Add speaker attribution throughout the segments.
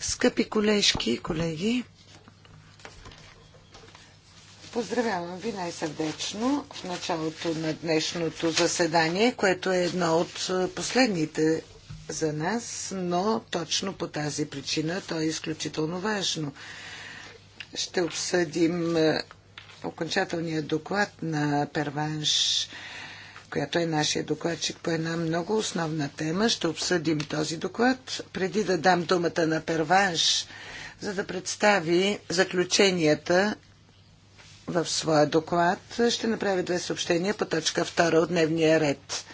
Speaker 1: Скъпи колежки и колеги, поздравявам ви най-сърдечно в началото на днешното заседание, което е едно от последните за нас, но точно по тази причина то е изключително важно. Ще обсъдим окончателния доклад на Перванш която е нашия докладчик по една много основна тема. Ще обсъдим този доклад. Преди да дам думата на Перванш, за да представи заключенията в своя доклад, ще направя две съобщения по точка 2 от дневния ред.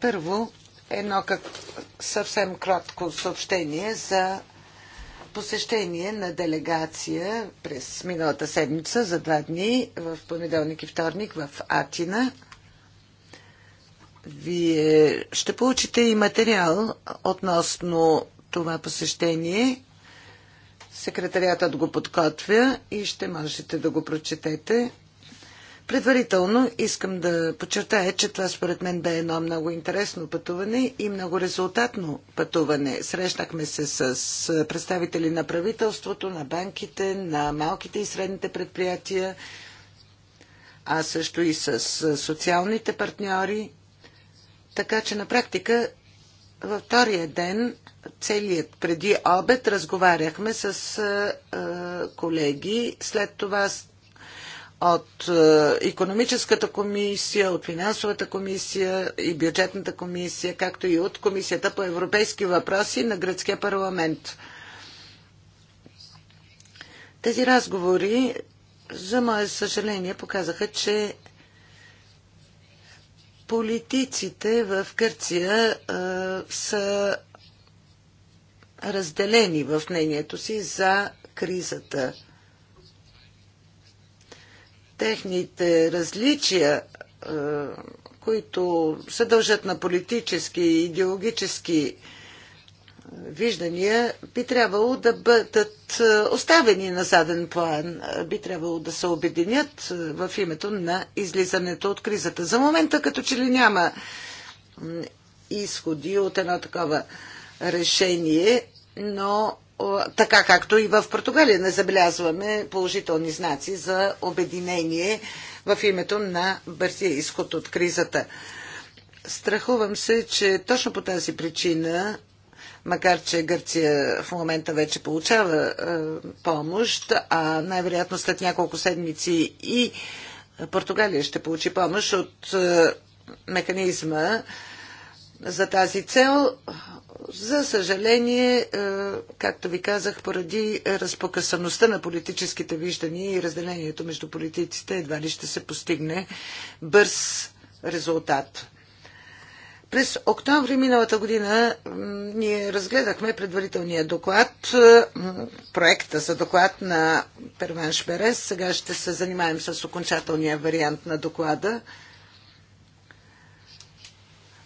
Speaker 1: Първо, едно как... съвсем кратко съобщение за посещение на делегация през миналата седмица за два дни в понеделник и вторник в Атина – вие ще получите и материал относно това посещение. Секретариатът го подготвя и ще можете да го прочетете. Предварително искам да подчертая, че това според мен бе едно много интересно пътуване и много резултатно пътуване. Срещнахме се с представители на правителството, на банките, на малките и средните предприятия, а също и с социалните партньори така че на практика във втория ден, целият преди обед, разговаряхме с колеги. След това от економическата комисия, от финансовата комисия и бюджетната комисия, както и от комисията по европейски въпроси на гръцкия парламент. Тези разговори, за мое съжаление, показаха, че Политиците в Гърция а, са разделени в мнението си за кризата. Техните различия, а, които се дължат на политически и идеологически а, виждания би трябвало да бъдат е, оставени на заден план, е, би трябвало да се обединят е, в името на излизането от кризата. За момента като че ли няма изходи от едно такова решение, но така както и в Португалия не забелязваме положителни знаци за обединение в името на бързия изход от кризата. Страхувам се, че точно по тази причина макар че Гърция в момента вече получава е, помощ, а най-вероятно след няколко седмици и Португалия ще получи помощ от е, механизма за тази цел. За съжаление, е, както ви казах, поради разпокъсаността на политическите виждания и разделението между политиците, едва ли ще се постигне бърз резултат. През октомври миналата година ние разгледахме предварителния доклад, проекта за доклад на Перван Шберес. Сега ще се занимаем с окончателния вариант на доклада.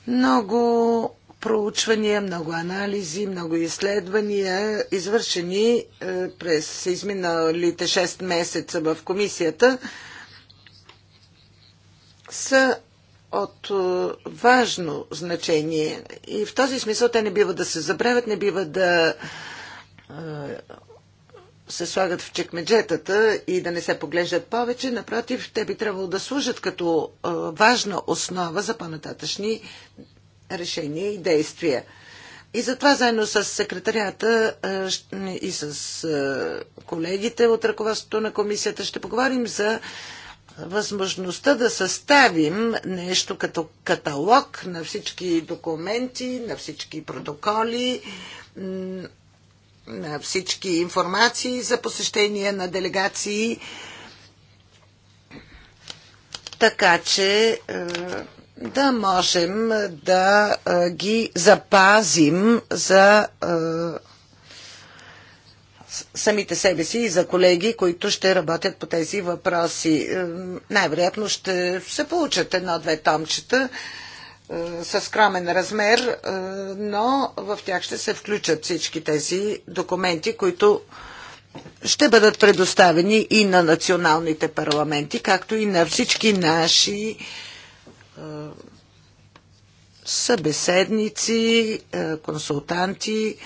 Speaker 1: Много проучвания, много анализи, много изследвания, извършени е, през изминалите 6 месеца в комисията, са от е, важно значение. И в този смисъл те не бива да се забравят, не бива да е, се слагат в чекмеджетата и да не се поглеждат повече. Напротив, те би трябвало да служат като е, важна основа за по-нататъчни решения и действия. И затова заедно с секретарията и с колегите от ръководството на комисията ще поговорим за възможността да съставим нещо като каталог на всички документи, на всички протоколи, на всички информации за посещение на делегации. Така че е, да можем да е, ги запазим за е, самите себе си и за колеги, които ще работят по тези въпроси. Е, най-вероятно ще се получат едно-две томчета е, с скромен размер, е, но в тях ще се включат всички тези документи, които ще бъдат предоставени и на националните парламенти, както и на всички наши събеседници, консултанти,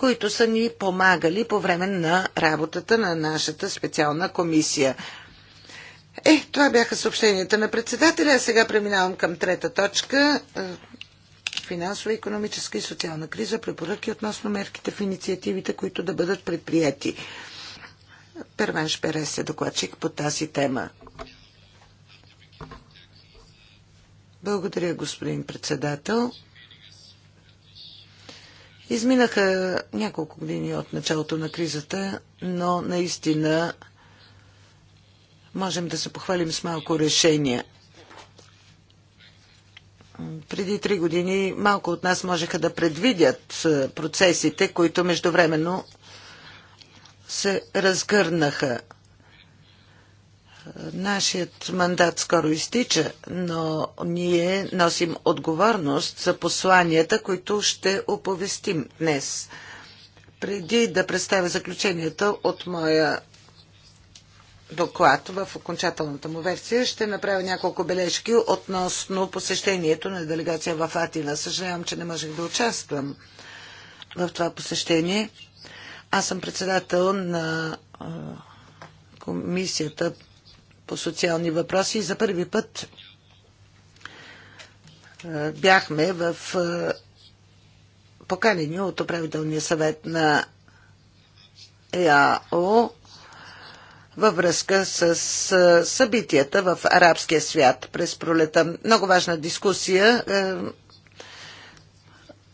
Speaker 1: които са ни помагали по време на работата на нашата специална комисия. Е, това бяха съобщенията на председателя. А сега преминавам към трета точка. Е, финансова, економическа и социална криза. Препоръки относно мерките в инициативите, които да бъдат предприяти. Первен Перес е докладчик по тази тема. Благодаря, господин председател. Изминаха няколко години от началото на кризата, но наистина можем да се похвалим с малко решения. Преди три години малко от нас можеха да предвидят е, процесите, които междувременно се разгърнаха Нашият мандат скоро изтича, но ние носим отговорност за посланията, които ще оповестим днес. Преди да представя заключенията от моя доклад в окончателната му версия, ще направя няколко бележки относно посещението на делегация в Атина. Съжалявам, че не можех да участвам в това посещение. Аз съм председател на комисията по социални въпроси и за първи път е, бяхме в е, поканени от управителния съвет на ЕАО във връзка с е, събитията в арабския свят през пролета. Много важна дискусия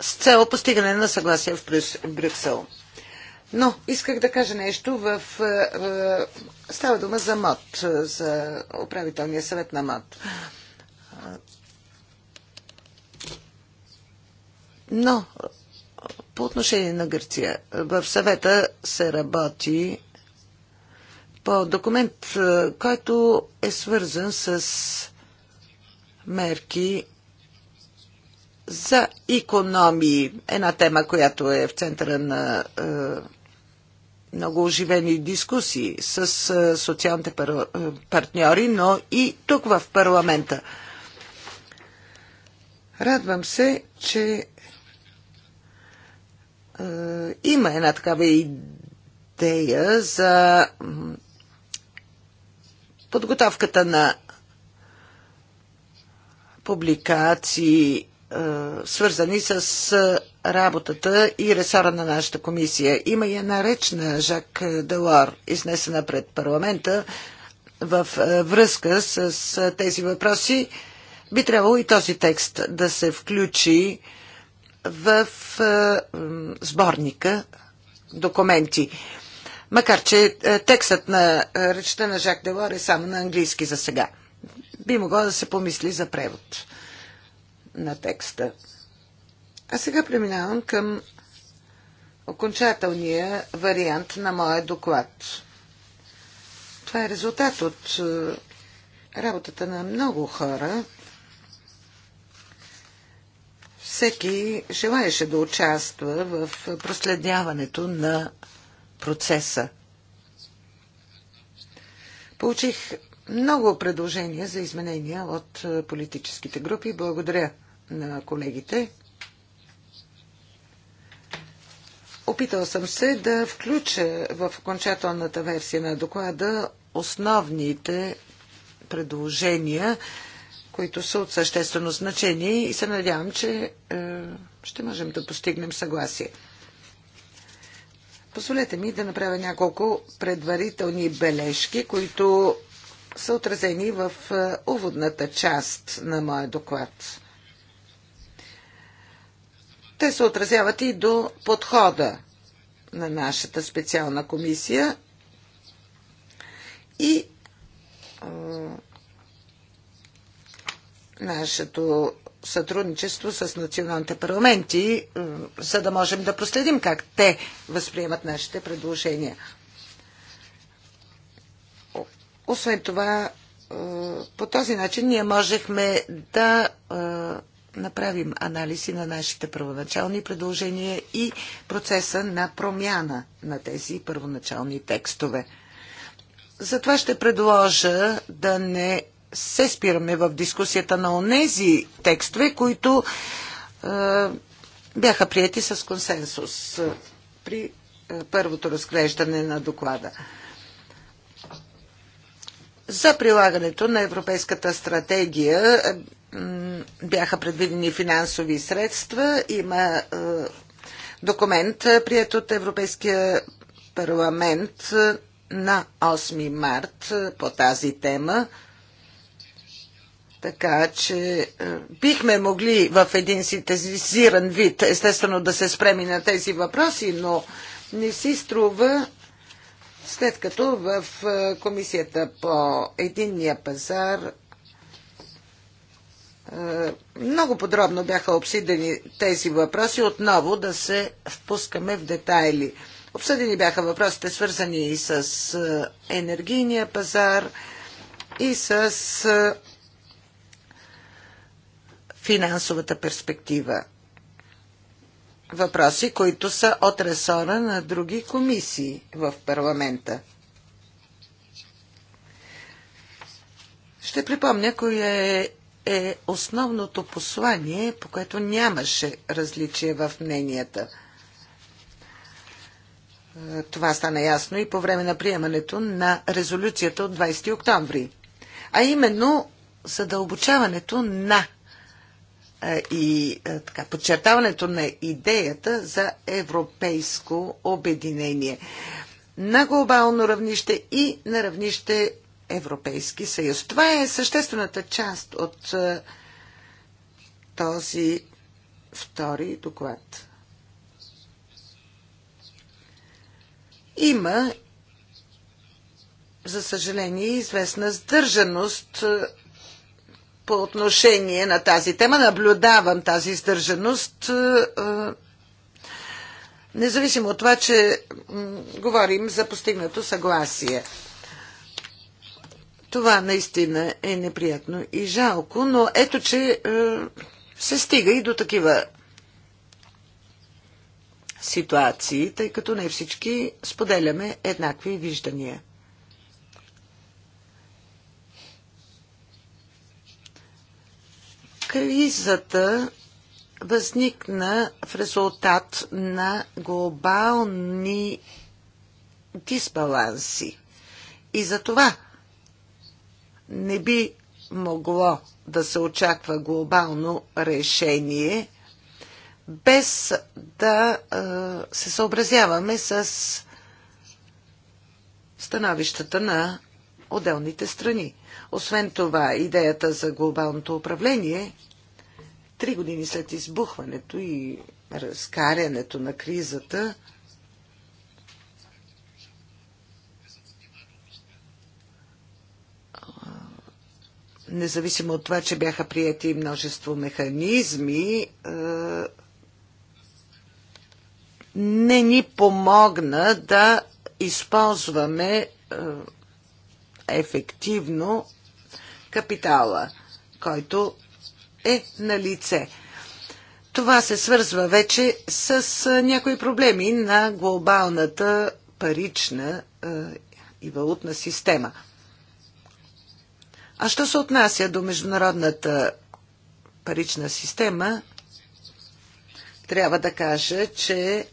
Speaker 1: с цел постигане на съгласие в Брюксел. Но исках да кажа нещо в... Е, е, става дума за МОД, е, за управителния съвет на МОД. Но по отношение на Гърция, в съвета се работи по документ, който е свързан с мерки за економии. Една тема, която е в центъра на е, много оживени дискусии с социалните пар... партньори, но и тук в парламента. Радвам се, че е, има една такава идея за подготовката на публикации, е, свързани с работата и ресора на нашата комисия. Има и една реч на Жак Делор, изнесена пред парламента в е, връзка с тези въпроси. Би трябвало и този текст да се включи в е, сборника документи. Макар, че е, текстът на речта на Жак Делор е само на английски за сега. Би могло да се помисли за превод на текста. А сега преминавам към окончателния вариант на моя доклад. Това е резултат от е, работата на много хора. Всеки желаеше да участва в проследяването на процеса. Получих много предложения за изменения от е, политическите групи. Благодаря на колегите. Опитал съм се да включа в окончателната версия на доклада основните предложения, които са от съществено значение и се надявам, че е, ще можем да постигнем съгласие. Позволете ми да направя няколко предварителни бележки, които са отразени в е, уводната част на моя доклад. Те се отразяват и до подхода на нашата специална комисия и а, нашето сътрудничество с националните парламенти, за да можем да проследим как те възприемат нашите предложения. Освен това, по този начин ние можехме да направим анализи на нашите първоначални предложения и процеса на промяна на тези първоначални текстове. Затова ще предложа да не се спираме в дискусията на онези текстове, които е, бяха прияти с консенсус е, при е, първото разглеждане на доклада за прилагането на Европейската стратегия е, бяха предвидени финансови средства. Има е, документ, прият от Европейския парламент на 8 март е, по тази тема. Така че е, бихме могли в един синтезизиран вид, естествено, да се спреми на тези въпроси, но не си струва, след като в Комисията по единния пазар е, много подробно бяха обсъдени тези въпроси. Отново да се впускаме в детайли. Обсъдени бяха въпросите свързани и с е, енергийния пазар, и с е, финансовата перспектива. Въпроси, които са от ресора на други комисии в парламента. Ще припомня, кое е е основното послание, по което нямаше различие в мненията. Е, това стана ясно и по време на приемането на резолюцията от 20 октомври. А именно задълбочаването на е, и е, така, подчертаването на идеята за европейско обединение на глобално равнище и на равнище Европейски съюз. Това е съществената част от е, този втори доклад. Има, за съжаление, известна сдържаност е, по отношение на тази тема. Наблюдавам тази сдържаност е, независимо от това, че говорим за постигнато съгласие. Това наистина е неприятно и жалко, но ето, че е, се стига и до такива ситуации, тъй като не всички споделяме еднакви виждания. Кризата възникна в резултат на глобални дисбаланси. И за това не би могло да се очаква глобално решение без да се съобразяваме с становищата на отделните страни. Освен това, идеята за глобалното управление три години след избухването и разкарянето на кризата – независимо от това, че бяха прияти множество механизми, е, не ни помогна да използваме е, ефективно капитала, който е на лице. Това се свързва вече с е, някои проблеми на глобалната парична и валутна система – а що се отнася до международната парична система, трябва да кажа, че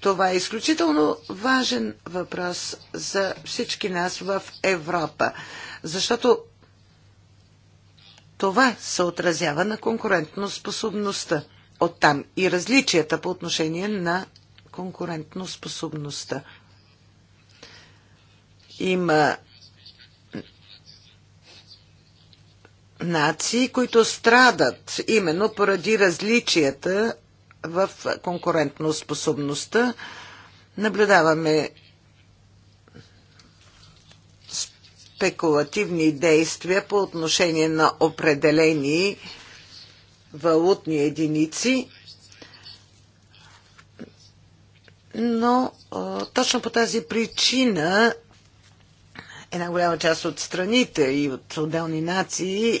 Speaker 1: това е изключително важен въпрос за всички нас в Европа, защото това се отразява на конкурентно способността. там и различията по отношение на конкурентно способността. Има нации, които страдат именно поради различията в конкурентно способността. Наблюдаваме спекулативни действия по отношение на определени валутни единици, но точно по тази причина една голяма част от страните и от отделни нации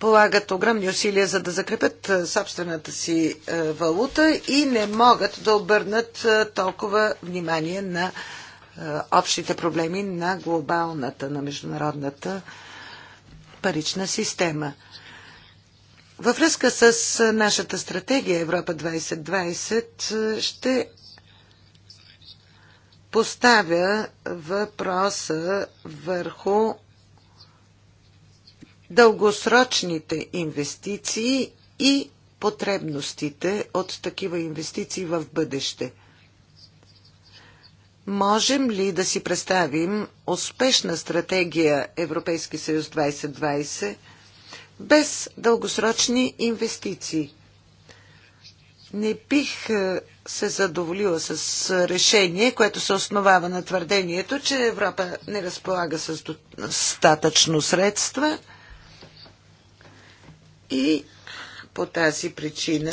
Speaker 1: полагат огромни усилия за да закрепят собствената си валута и не могат да обърнат толкова внимание на общите проблеми на глобалната, на международната парична система. Във връзка с нашата стратегия Европа 2020 ще поставя въпроса върху дългосрочните инвестиции и потребностите от такива инвестиции в бъдеще. Можем ли да си представим успешна стратегия Европейски съюз 2020 без дългосрочни инвестиции? не бих е, се задоволила с решение, което се основава на твърдението, че Европа не разполага с достатъчно средства и по тази причина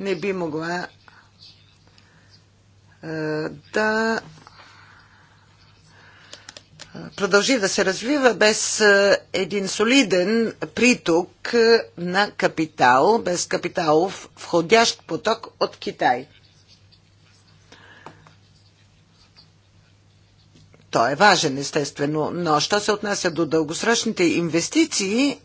Speaker 1: не би могла е, да продължи да се развива без един солиден приток на капитал, без капиталов входящ поток от Китай. Той е важен, естествено, но що се отнася до дългосрочните инвестиции,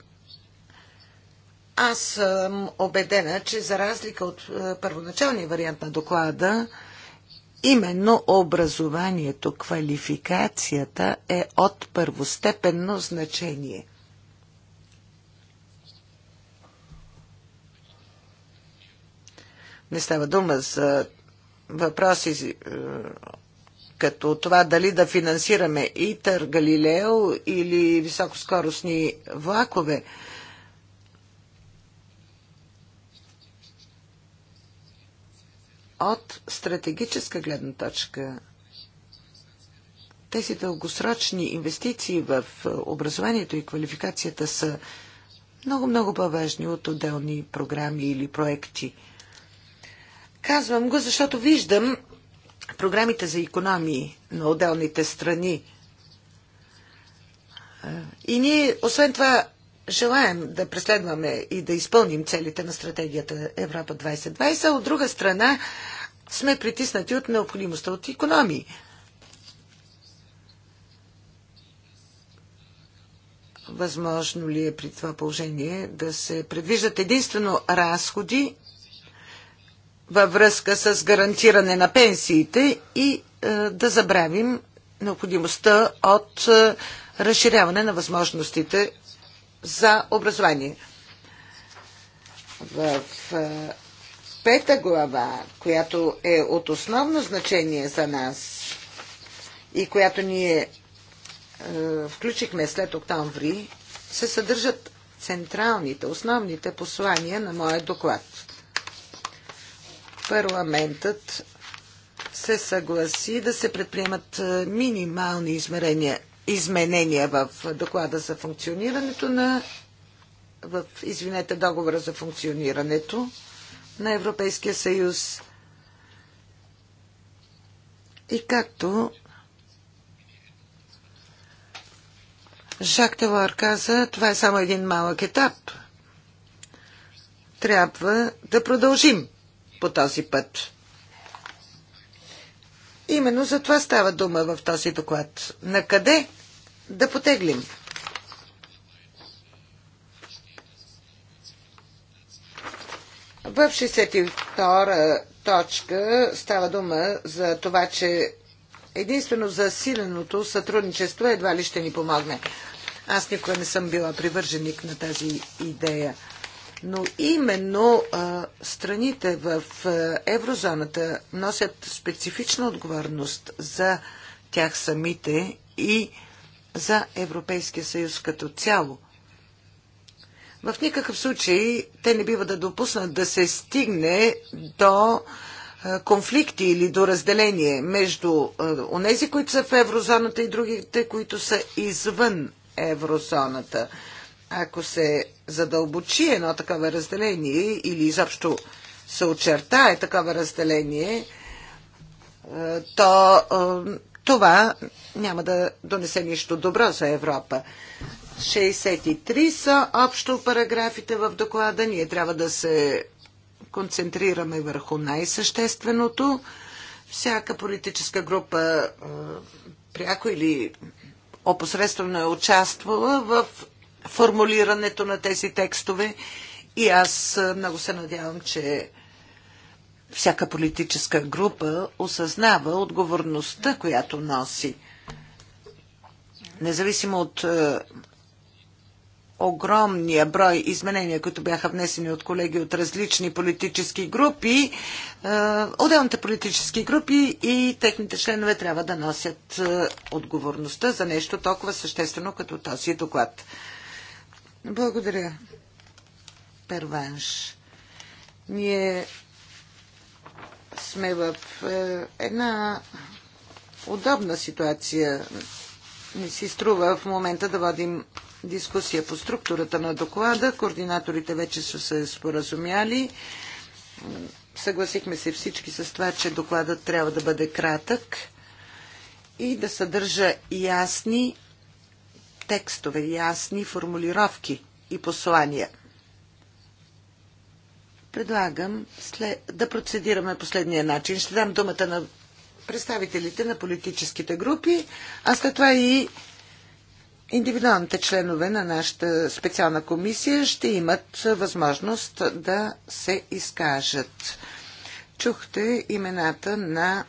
Speaker 1: аз съм убедена, че за разлика от първоначалния вариант на доклада, Именно образованието, квалификацията е от първостепенно значение. Не става дума за въпроси е, като това дали да финансираме ИТър, Галилео или високоскоростни влакове – от стратегическа гледна точка тези дългосрочни инвестиции в е, образованието и квалификацията са много-много по-важни от отделни програми или проекти. Казвам го, защото виждам програмите за економии на отделните страни. Е, и ние, освен това, желаем да преследваме и да изпълним целите на стратегията Европа 2020, а от друга страна сме притиснати от необходимостта от економии. Възможно ли е при това положение да се предвиждат единствено разходи във връзка с гарантиране на пенсиите и е, да забравим необходимостта от е, разширяване на възможностите за образование. В е, пета глава, която е от основно значение за нас и която ние е, включихме след октомври, се съдържат централните, основните послания на моя доклад. Парламентът се съгласи да се предприемат е, минимални измерения, изменения в доклада за функционирането на в, извинете, договора за функционирането на Европейския съюз. И както Жак Телор каза, това е само един малък етап. Трябва да продължим по този път. Именно за това става дума в този доклад. На къде да потеглим. В 62 точка става дума за това, че единствено засиленото сътрудничество едва ли ще ни помогне. Аз никога не съм била привърженик на тази идея. Но именно а, страните в а, еврозоната носят специфична отговорност за тях самите и а, за Европейския съюз като цяло. В никакъв случай те не бива да допуснат да се стигне до конфликти или до разделение между онези, които са в еврозоната и другите, които са извън еврозоната. Ако се задълбочи едно такова разделение или изобщо се очертае такова разделение, то това няма да донесе нищо добро за Европа. 63 са общо параграфите в доклада. Ние трябва да се концентрираме върху най-същественото. Всяка политическа група е, пряко или опосредствено е участвала в формулирането на тези текстове и аз е, много се надявам, че всяка политическа група осъзнава отговорността, която носи. Независимо от е, огромния брой изменения, които бяха внесени от колеги от различни политически групи, е, отделните политически групи и техните членове трябва да носят е, отговорността за нещо толкова съществено като този доклад. Благодаря. Перванш. Ние сме в е, една удобна ситуация. Не си струва в момента да водим дискусия по структурата на доклада. Координаторите вече са се споразумяли. Съгласихме се всички с това, че докладът трябва да бъде кратък и да съдържа ясни текстове, ясни формулировки и послания. Предлагам след... да процедираме последния начин. Ще дам думата на представителите на политическите групи, а след това и индивидуалните членове на нашата специална комисия ще имат възможност да се изкажат. Чухте имената на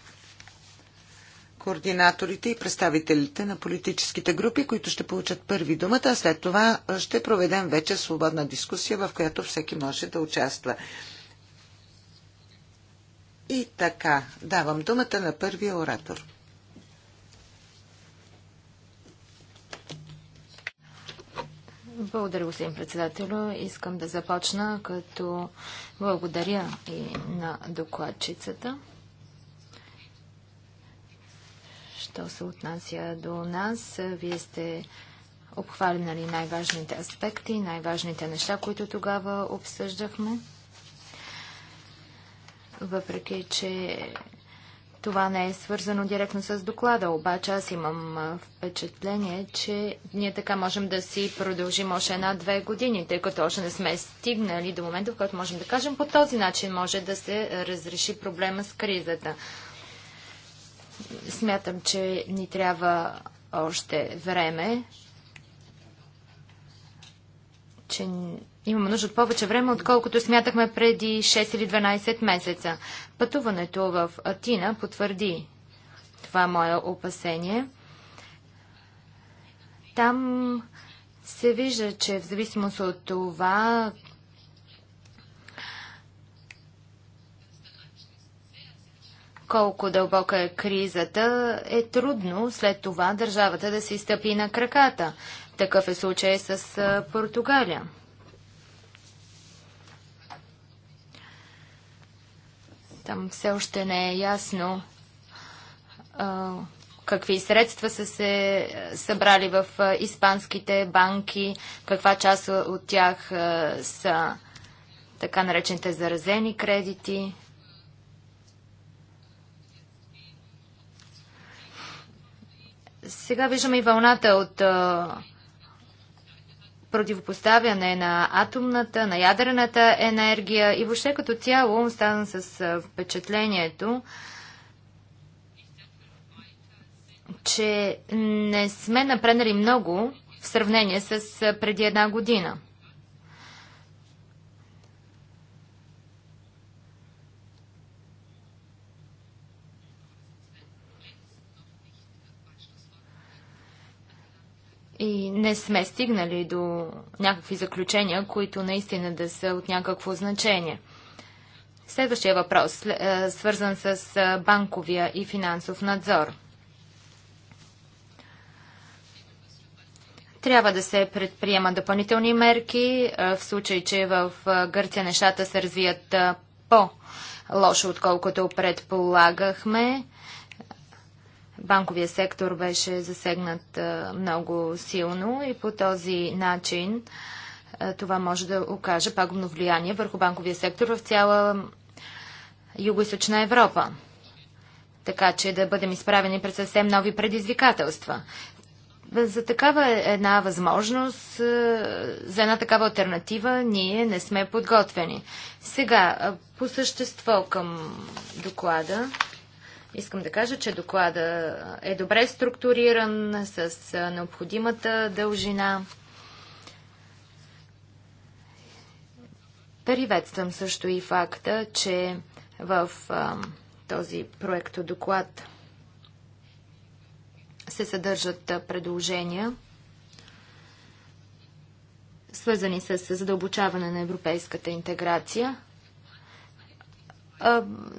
Speaker 1: координаторите и представителите на политическите групи, които ще получат първи думата, а след това ще проведем вече свободна дискусия, в която всеки може да участва. И така, давам думата на първия оратор.
Speaker 2: Благодаря, господин председател, Искам да започна като благодаря и на докладчицата. Що се отнася до нас, вие сте обхванали най-важните аспекти, най-важните неща, които тогава обсъждахме. Въпреки, че това не е свързано директно с доклада, обаче аз имам впечатление, че ние така можем да си продължим още една-две години, тъй като още не сме стигнали до момента, в който можем да кажем по този начин може да се разреши проблема с кризата. Смятам, че ни трябва още време, че имаме нужда от повече време, отколкото смятахме преди 6 или 12 месеца. Пътуването в Атина потвърди това мое опасение. Там се вижда, че в зависимост от това колко дълбока е кризата, е трудно след това държавата да се изтъпи на краката. Такъв е случай с Португалия. Там все още не е ясно какви средства са се събрали в испанските банки, каква част от тях са така наречените заразени кредити. Сега виждаме и вълната от противопоставяне на атомната, на ядрената енергия и въобще като цяло оставам с впечатлението, че не сме напреднали много в сравнение с преди една година. и не сме стигнали до някакви заключения, които наистина да са от някакво значение. Следващия въпрос, е, свързан с е, банковия и финансов надзор. Трябва да се предприемат допълнителни мерки е, в случай, че в Гърция нещата се развият по-лошо, отколкото предполагахме банковия сектор беше засегнат много силно и по този начин това може да окаже пагубно влияние върху банковия сектор в цяла Юго-Источна Европа. Така че да бъдем изправени пред съвсем нови предизвикателства. За такава една възможност, за една такава альтернатива ние не сме подготвени. Сега, по същество към доклада. Искам да кажа, че доклада е добре структуриран, с необходимата дължина. Приветствам също и факта, че в този проект доклад се съдържат предложения, свързани с задълбочаване на европейската интеграция –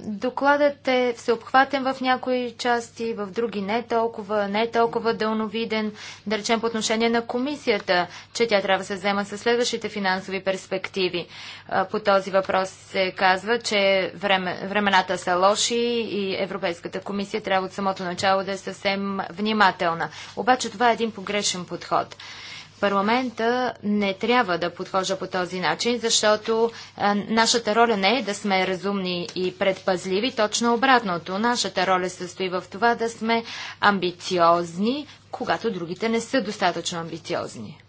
Speaker 2: Докладът е всеобхватен в някои части, в други не толкова, не е толкова дълновиден, да речем по отношение на комисията, че тя трябва да се взема с следващите финансови перспективи. По този въпрос се казва, че време, времената са лоши и Европейската комисия трябва от самото начало да е съвсем внимателна. Обаче това е един погрешен подход. Парламента не трябва да подхожа по този начин, защото е, нашата роля не е да сме разумни и предпазливи, точно обратното. Нашата роля състои в това да сме амбициозни, когато другите не са достатъчно амбициозни.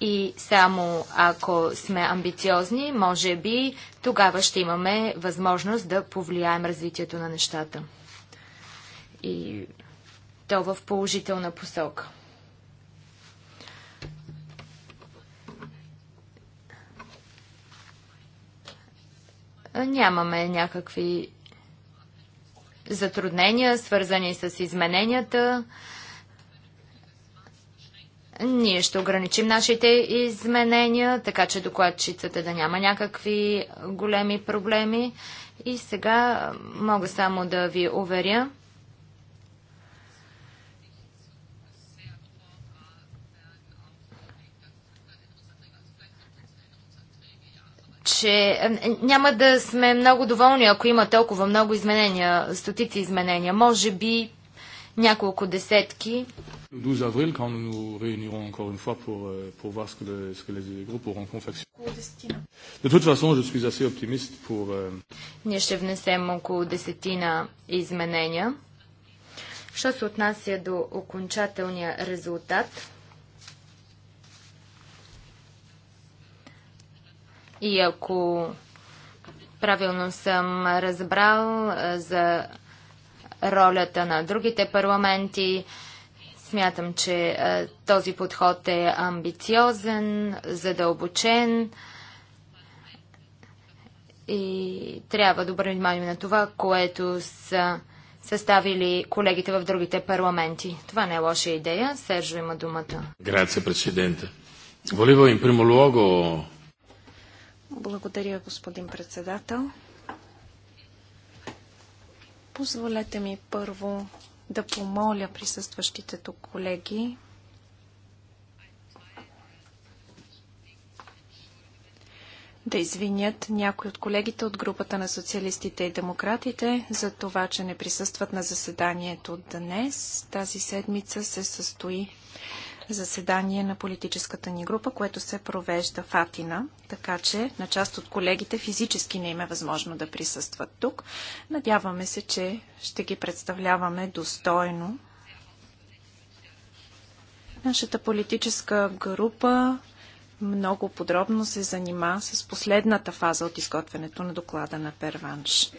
Speaker 2: И само ако сме амбициозни, може би тогава ще имаме възможност да повлияем развитието на нещата. И то в положителна посока. нямаме някакви затруднения, свързани с измененията. Ние ще ограничим нашите изменения, така че докладчицата да няма някакви големи проблеми. И сега мога само да ви уверя, че е, няма да сме много доволни, ако има толкова много изменения, стотици изменения. Може би няколко десетки. 12 encore une fois pour, euh, pour voir ce que, le, ce que les groupes auront De toute façon, je suis assez optimiste pour... Euh, Ние ще внесем около десетина изменения. Що се отнася до окончателния резултат, И ако правилно съм разбрал за ролята на другите парламенти, смятам, че този подход е амбициозен, задълбочен и трябва да обърнем внимание на това, което са съставили колегите в другите парламенти. Това не е лоша идея. Сержо има думата.
Speaker 1: Грация, президента. Volevo им primo
Speaker 3: благодаря, господин председател. Позволете ми първо да помоля присъстващите тук колеги да извинят някои от колегите от групата на социалистите и демократите за това, че не присъстват на заседанието днес. Тази седмица се състои заседание на политическата ни група, което се провежда в Атина, така че на част от колегите физически не им е възможно да присъстват тук. Надяваме се, че ще ги представляваме достойно. Нашата политическа група много подробно се занима с последната фаза от изготвянето на доклада на Перванш.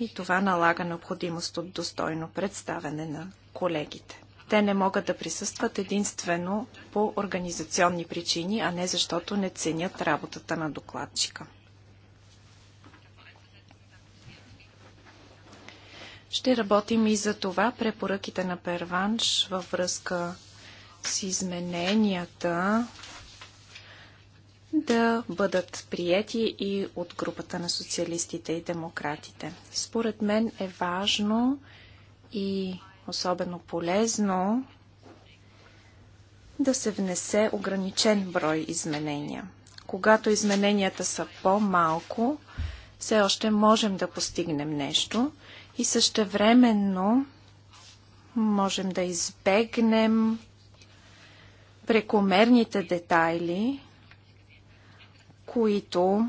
Speaker 3: И това налага необходимост от достойно представяне на колегите. Те не могат да присъстват единствено по организационни причини, а не защото не ценят работата на докладчика. Ще работим и за това препоръките на Перванш във връзка с измененията да бъдат приети и от групата на социалистите и демократите. Според мен е важно и особено полезно да се внесе ограничен брой изменения. Когато измененията са по-малко, все още можем да постигнем нещо и същевременно можем да избегнем прекомерните детайли, които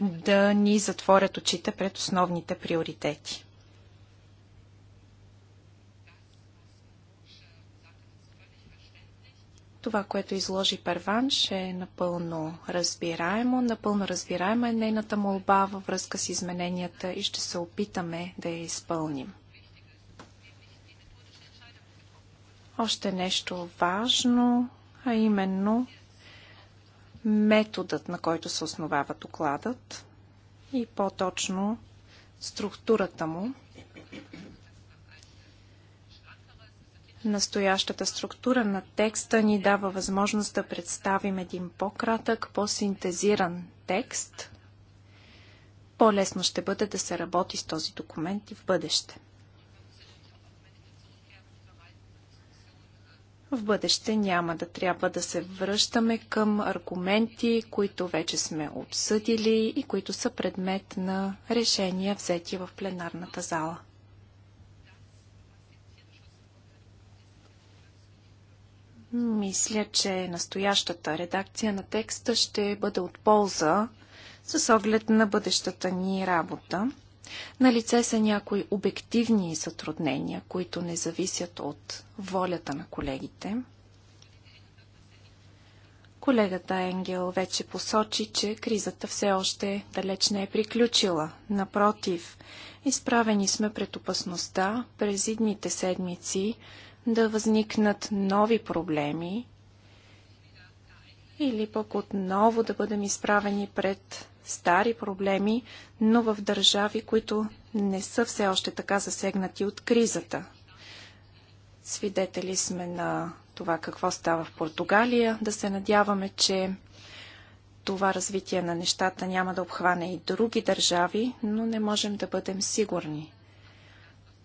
Speaker 3: да ни затворят очите пред основните приоритети. Това, което изложи Перванш е напълно разбираемо. Напълно разбираема е нейната молба във връзка с измененията и ще се опитаме да я изпълним. Още нещо важно, а именно методът, на който се основава докладът и по-точно структурата му. Настоящата структура на текста ни дава възможност да представим един по-кратък, по-синтезиран текст. По-лесно ще бъде да се работи с този документ и в бъдеще. в бъдеще няма да трябва да се връщаме към аргументи, които вече сме обсъдили и които са предмет на решения взети в пленарната зала. Мисля, че настоящата редакция на текста ще бъде от полза с оглед на бъдещата ни работа. На лице са някои обективни затруднения, които не зависят от волята на колегите. Колегата Енгел вече посочи, че кризата все още далеч не е приключила. Напротив, изправени сме пред опасността през идните седмици да възникнат нови проблеми или пък отново да бъдем изправени пред стари проблеми, но в държави, които не са все още така засегнати от кризата. Свидетели сме на това какво става в Португалия. Да се надяваме, че това развитие на нещата няма да обхване и други държави, но не можем да бъдем сигурни.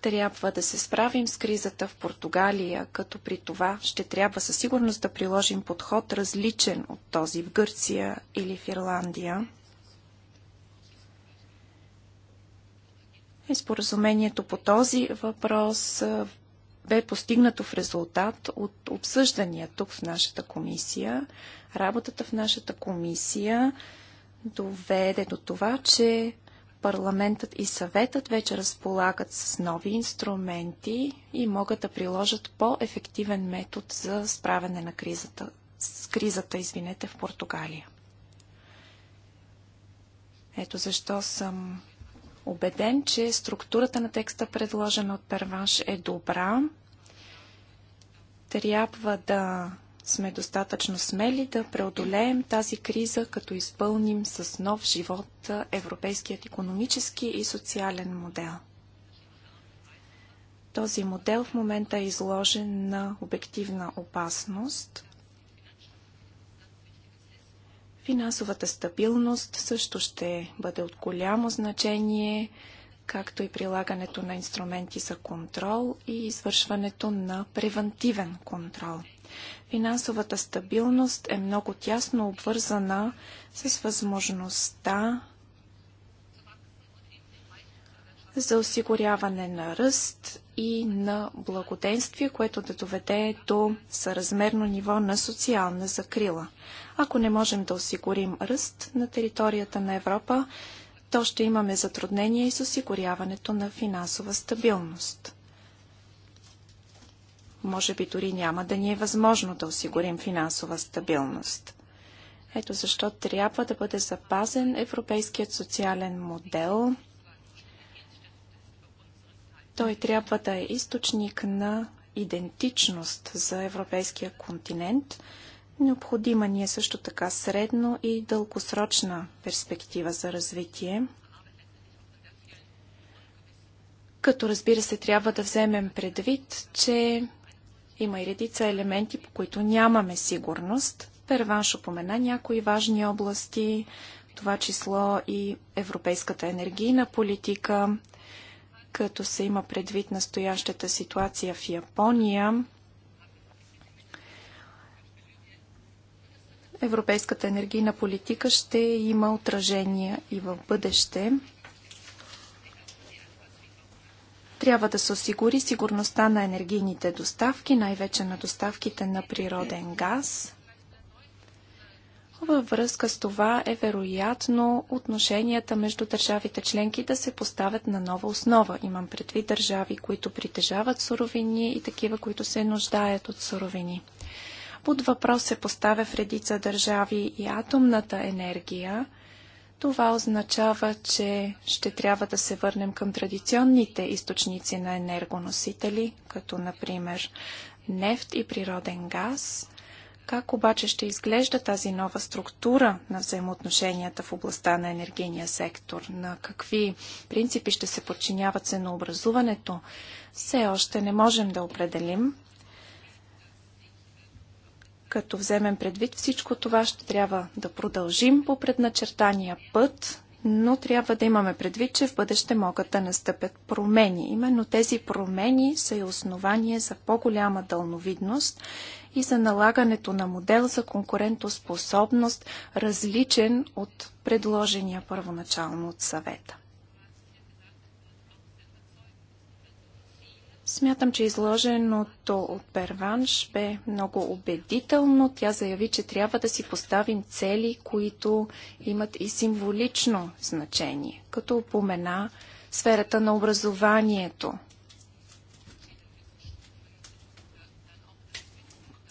Speaker 3: Трябва да се справим с кризата в Португалия, като при това ще трябва със сигурност да приложим подход различен от този в Гърция или в Ирландия. И споразумението по този въпрос бе постигнато в резултат от обсъждания тук в нашата комисия. Работата в нашата комисия доведе до това, че парламентът и съветът вече разполагат с нови инструменти и могат да приложат по-ефективен метод за справяне на кризата, с кризата извинете, в Португалия. Ето защо съм убеден, че структурата на текста, предложена от Перванш, е добра. Трябва да сме достатъчно смели да преодолеем тази криза, като изпълним с нов живот европейският економически и социален модел. Този модел в момента е изложен на обективна опасност – Финансовата стабилност също ще бъде от голямо значение, както и прилагането на инструменти за контрол и извършването на превентивен контрол. Финансовата стабилност е много тясно обвързана с възможността за осигуряване на ръст и на благоденствие, което да доведе до съразмерно ниво на социална закрила. Ако не можем да осигурим ръст на територията на Европа, то ще имаме затруднения и с осигуряването на финансова стабилност. Може би дори няма да ни е възможно да осигурим финансова стабилност. Ето защо трябва да бъде запазен европейският социален модел – той трябва да е източник на идентичност за европейския континент. Необходима ни е също така средно и дългосрочна перспектива за развитие. Като разбира се, трябва да вземем предвид, че има и редица елементи, по които нямаме сигурност. Перванш опомена някои важни области, това число и европейската енергийна политика, като се има предвид настоящата ситуация в Япония, европейската енергийна политика ще има отражения и в бъдеще. Трябва да се осигури сигурността на енергийните доставки, най-вече на доставките на природен газ. Във връзка с това е вероятно отношенията между държавите членки да се поставят на нова основа. Имам предвид държави, които притежават суровини и такива, които се нуждаят от суровини. Под въпрос се поставя в редица държави и атомната енергия. Това означава, че ще трябва да се върнем към традиционните източници на енергоносители, като например нефт и природен газ – как обаче ще изглежда тази нова структура на взаимоотношенията в областта на енергийния сектор? На какви принципи ще се подчинява ценообразуването? Все още не можем да определим. Като вземем предвид всичко това, ще трябва да продължим по предначертания път, но трябва да имаме предвид, че в бъдеще могат да настъпят промени. Именно тези промени са и основание за по-голяма дълновидност и за налагането на модел за конкурентоспособност, различен от предложения първоначално от съвета. Смятам, че изложеното от Перванш бе много убедително. Тя заяви, че трябва да си поставим цели, които имат и символично значение, като упомена сферата на образованието,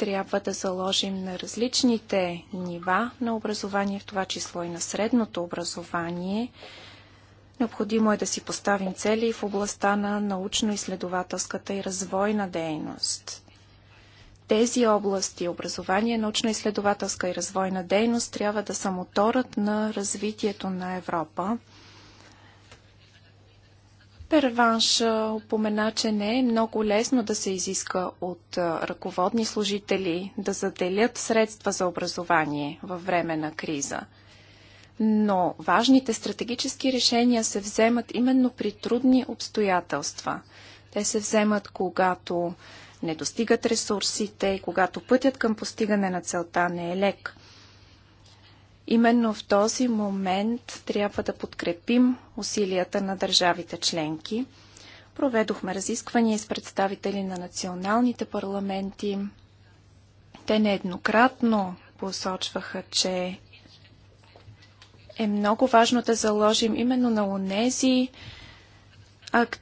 Speaker 3: Трябва да заложим на различните нива на образование, в това число и на средното образование. Необходимо е да си поставим цели в областта на научно-изследователската и развойна дейност тези области образование, научно-изследователска и развойна дейност трябва да са моторът на развитието на Европа. Перванш упомена, че не е много лесно да се изиска от ръководни служители да заделят средства за образование във време на криза. Но важните стратегически решения се вземат именно при трудни обстоятелства. Те се вземат, когато не достигат ресурсите и когато пътят към постигане на целта не е лек. Именно в този момент трябва да подкрепим усилията на държавите членки. Проведохме разисквания с представители на националните парламенти. Те нееднократно посочваха, че е много важно да заложим именно на унези акт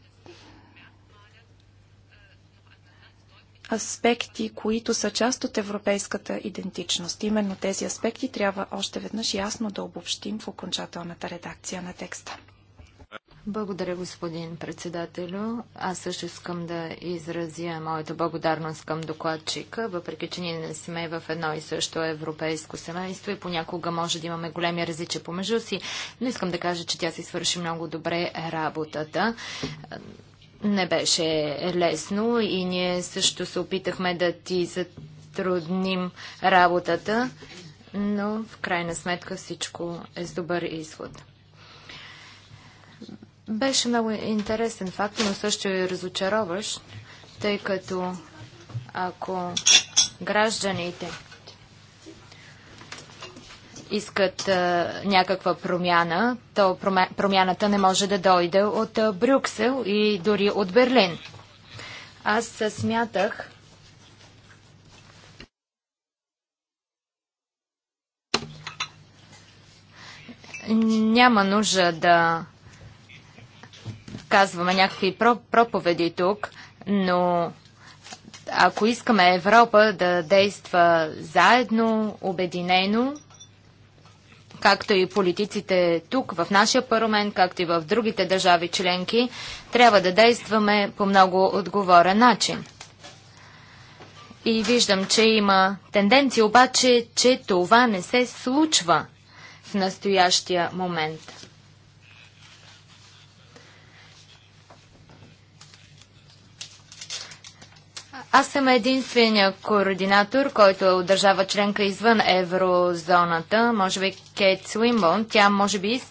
Speaker 3: аспекти, които са част от европейската идентичност. Именно тези аспекти трябва още веднъж ясно да обобщим в окончателната редакция на текста.
Speaker 2: Благодаря, господин председателю. Аз също искам да изразя моята благодарност към докладчика, въпреки че ние не сме в едно и също европейско семейство и понякога може да имаме големи различия помежду си, но искам да кажа, че тя си свърши много добре работата не беше лесно и ние също се опитахме да ти затрудним работата, но в крайна сметка всичко е с добър изход. Беше много интересен факт, но също и е разочароващ, тъй като ако гражданите искат а, някаква промяна, то промя... промяната не може да дойде от а, Брюксел и дори от Берлин. Аз се смятах, няма нужда да казваме някакви проповеди тук, но ако искаме Европа да действа заедно, обединено, както и политиците тук, в нашия парламент, както и в другите държави членки, трябва да действаме по много отговорен начин. И виждам, че има тенденция обаче, че това не се случва в настоящия момент. Аз съм единствения координатор, който е от държава членка извън еврозоната. Може би Кейт Свинбон. Тя може би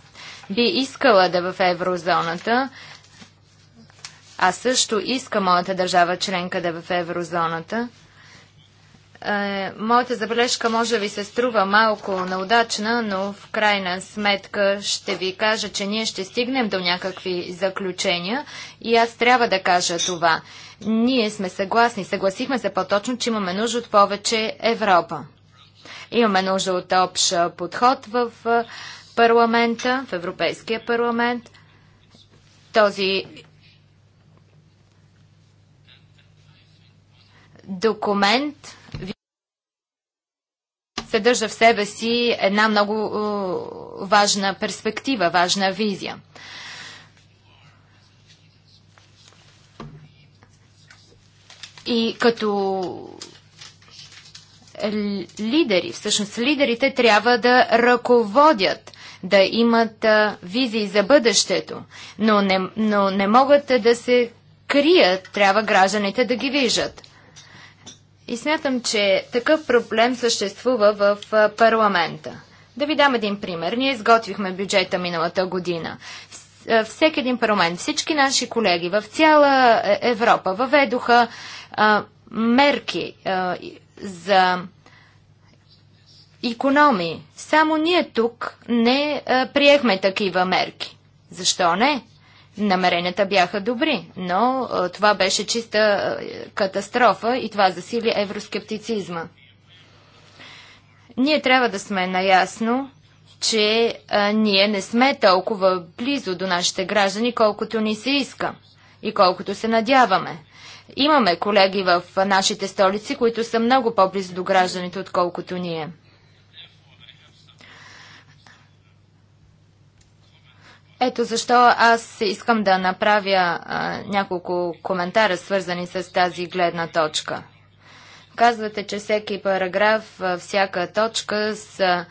Speaker 2: би искала да е в еврозоната. Аз също искам моята държава членка да е в еврозоната. Е, моята забележка може да ви се струва малко неудачна, но в крайна сметка ще ви кажа, че ние ще стигнем до някакви заключения и аз трябва да кажа това. Ние сме съгласни, съгласихме се по-точно, че имаме нужда от повече Европа. Имаме нужда от общ подход в парламента, в Европейския парламент. Този документ съдържа в себе си една много важна перспектива, важна визия. И като лидери, всъщност лидерите трябва да ръководят, да имат визии за бъдещето, но не, но не могат да се крият, трябва гражданите да ги виждат. И смятам, че такъв проблем съществува в парламента. Да ви дам един пример. Ние изготвихме бюджета миналата година. Е, всеки един парламент, всички наши колеги в цяла е, Европа въведоха а, е, мерки а, за економии. Само ние тук не а, приехме такива мерки. Защо не? Намеренията бяха добри, но а, това беше чиста а, катастрофа и това засили евроскептицизма. Ние трябва да сме наясно, че а, ние не сме толкова близо до нашите граждани, колкото ни се иска и колкото се надяваме. Имаме колеги в нашите столици, които са много по-близо до гражданите, отколкото ние. Ето защо аз искам да направя а, няколко коментара, свързани с тази гледна точка. Казвате, че всеки параграф, всяка точка са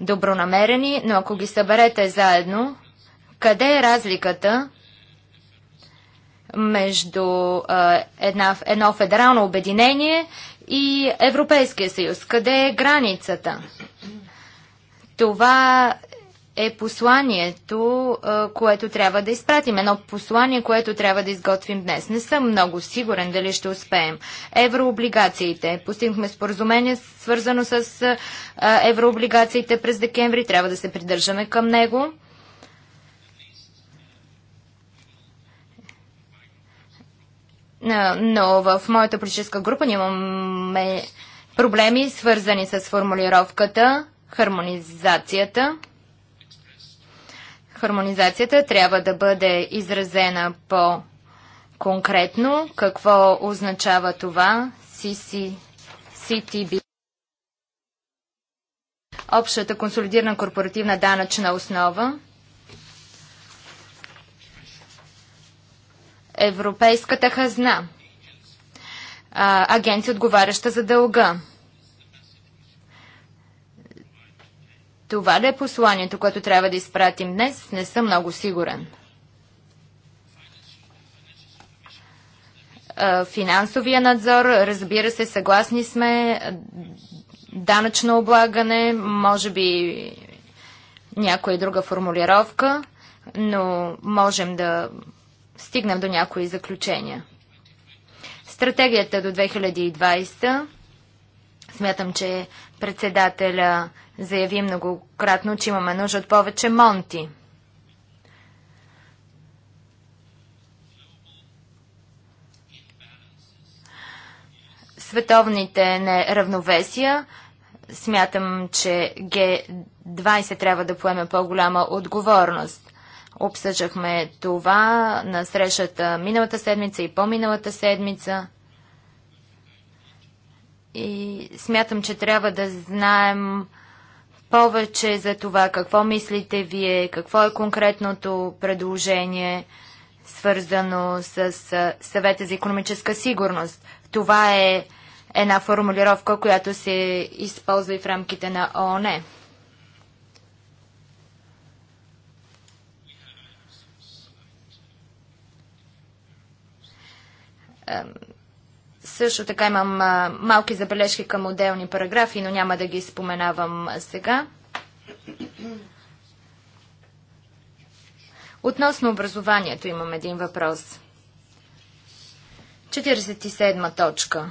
Speaker 2: добронамерени, но ако ги съберете заедно, къде е разликата между една, едно федерално обединение и Европейския съюз? Къде е границата? Това е посланието, което трябва да изпратим. Едно послание, което трябва да изготвим днес. Не съм много сигурен дали ще успеем. Еврооблигациите. Постигнахме споразумение, свързано с еврооблигациите през декември. Трябва да се придържаме към него. Но в моята политическа група нямаме проблеми, свързани с формулировката, хармонизацията. Хармонизацията трябва да бъде изразена по-конкретно. Какво означава това? CC, CTB. Общата консолидирана корпоративна данъчна основа. Европейската хазна. Агенция, отговаряща за дълга. Това да е посланието, което трябва да изпратим днес, не съм много сигурен. Финансовия надзор, разбира се, съгласни сме. Данъчно облагане, може би някоя друга формулировка, но можем да стигнем до някои заключения. Стратегията до 2020 смятам, че председателя заяви многократно, че имаме нужда от повече монти. Световните неравновесия смятам, че Г20 трябва да поеме по-голяма отговорност. Обсъждахме това на срещата миналата седмица и по-миналата седмица. И смятам, че трябва да знаем повече за това какво мислите вие, какво е конкретното предложение, свързано с съвета за економическа сигурност. Това е една формулировка, която се използва и в рамките на ООН. Също така имам а, малки забележки към отделни параграфи, но няма да ги споменавам сега. Относно образованието имам един въпрос. 47 точка.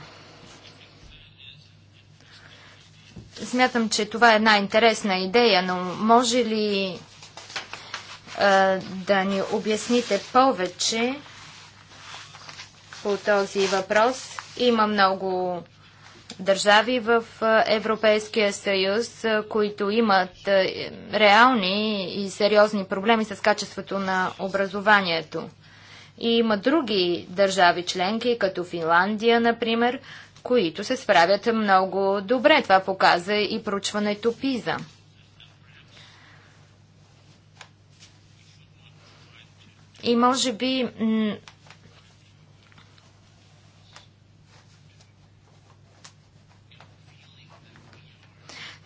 Speaker 2: Смятам, че това е една интересна идея, но може ли а, да ни обясните повече по този въпрос? Има много държави в Европейския съюз, които имат реални и сериозни проблеми с качеството на образованието. И има други държави членки, като Финландия, например, които се справят много добре. Това показа и проучването ПИЗА. И може би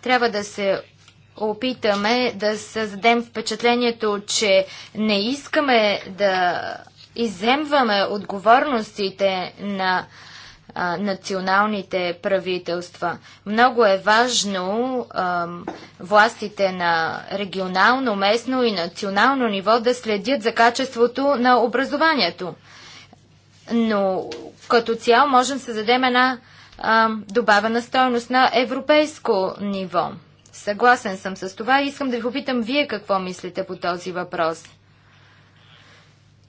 Speaker 2: Трябва да се опитаме да създадем впечатлението, че не искаме да иземваме отговорностите на националните правителства. Много е важно а, властите на регионално, местно и национално ниво да следят за качеството на образованието. Но като цяло можем да създадем една а, добавена стойност на европейско ниво. Съгласен съм с това и искам да ви попитам вие какво мислите по този въпрос.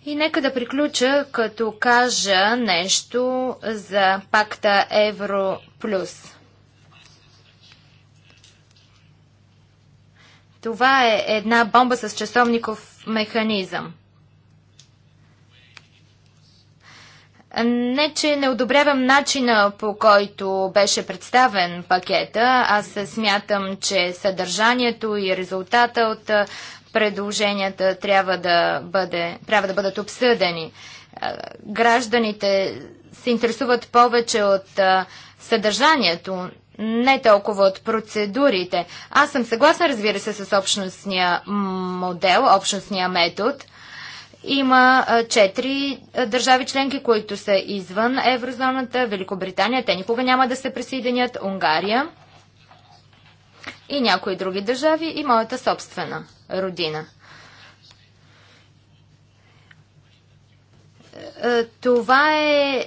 Speaker 2: И нека да приключа, като кажа нещо за пакта Евро Плюс. Това е една бомба с часовников механизъм. Не, че не одобрявам начина по който беше представен пакета. Аз смятам, че съдържанието и резултата от предложенията трябва да, бъде, трябва да бъдат обсъдени. Гражданите се интересуват повече от съдържанието, не толкова от процедурите. Аз съм съгласна, разбира се, с общностния модел, общностния метод – има четири държави членки, които са извън еврозоната. Великобритания, те никога няма да се присъединят. Унгария и някои други държави и моята собствена родина. Е, това е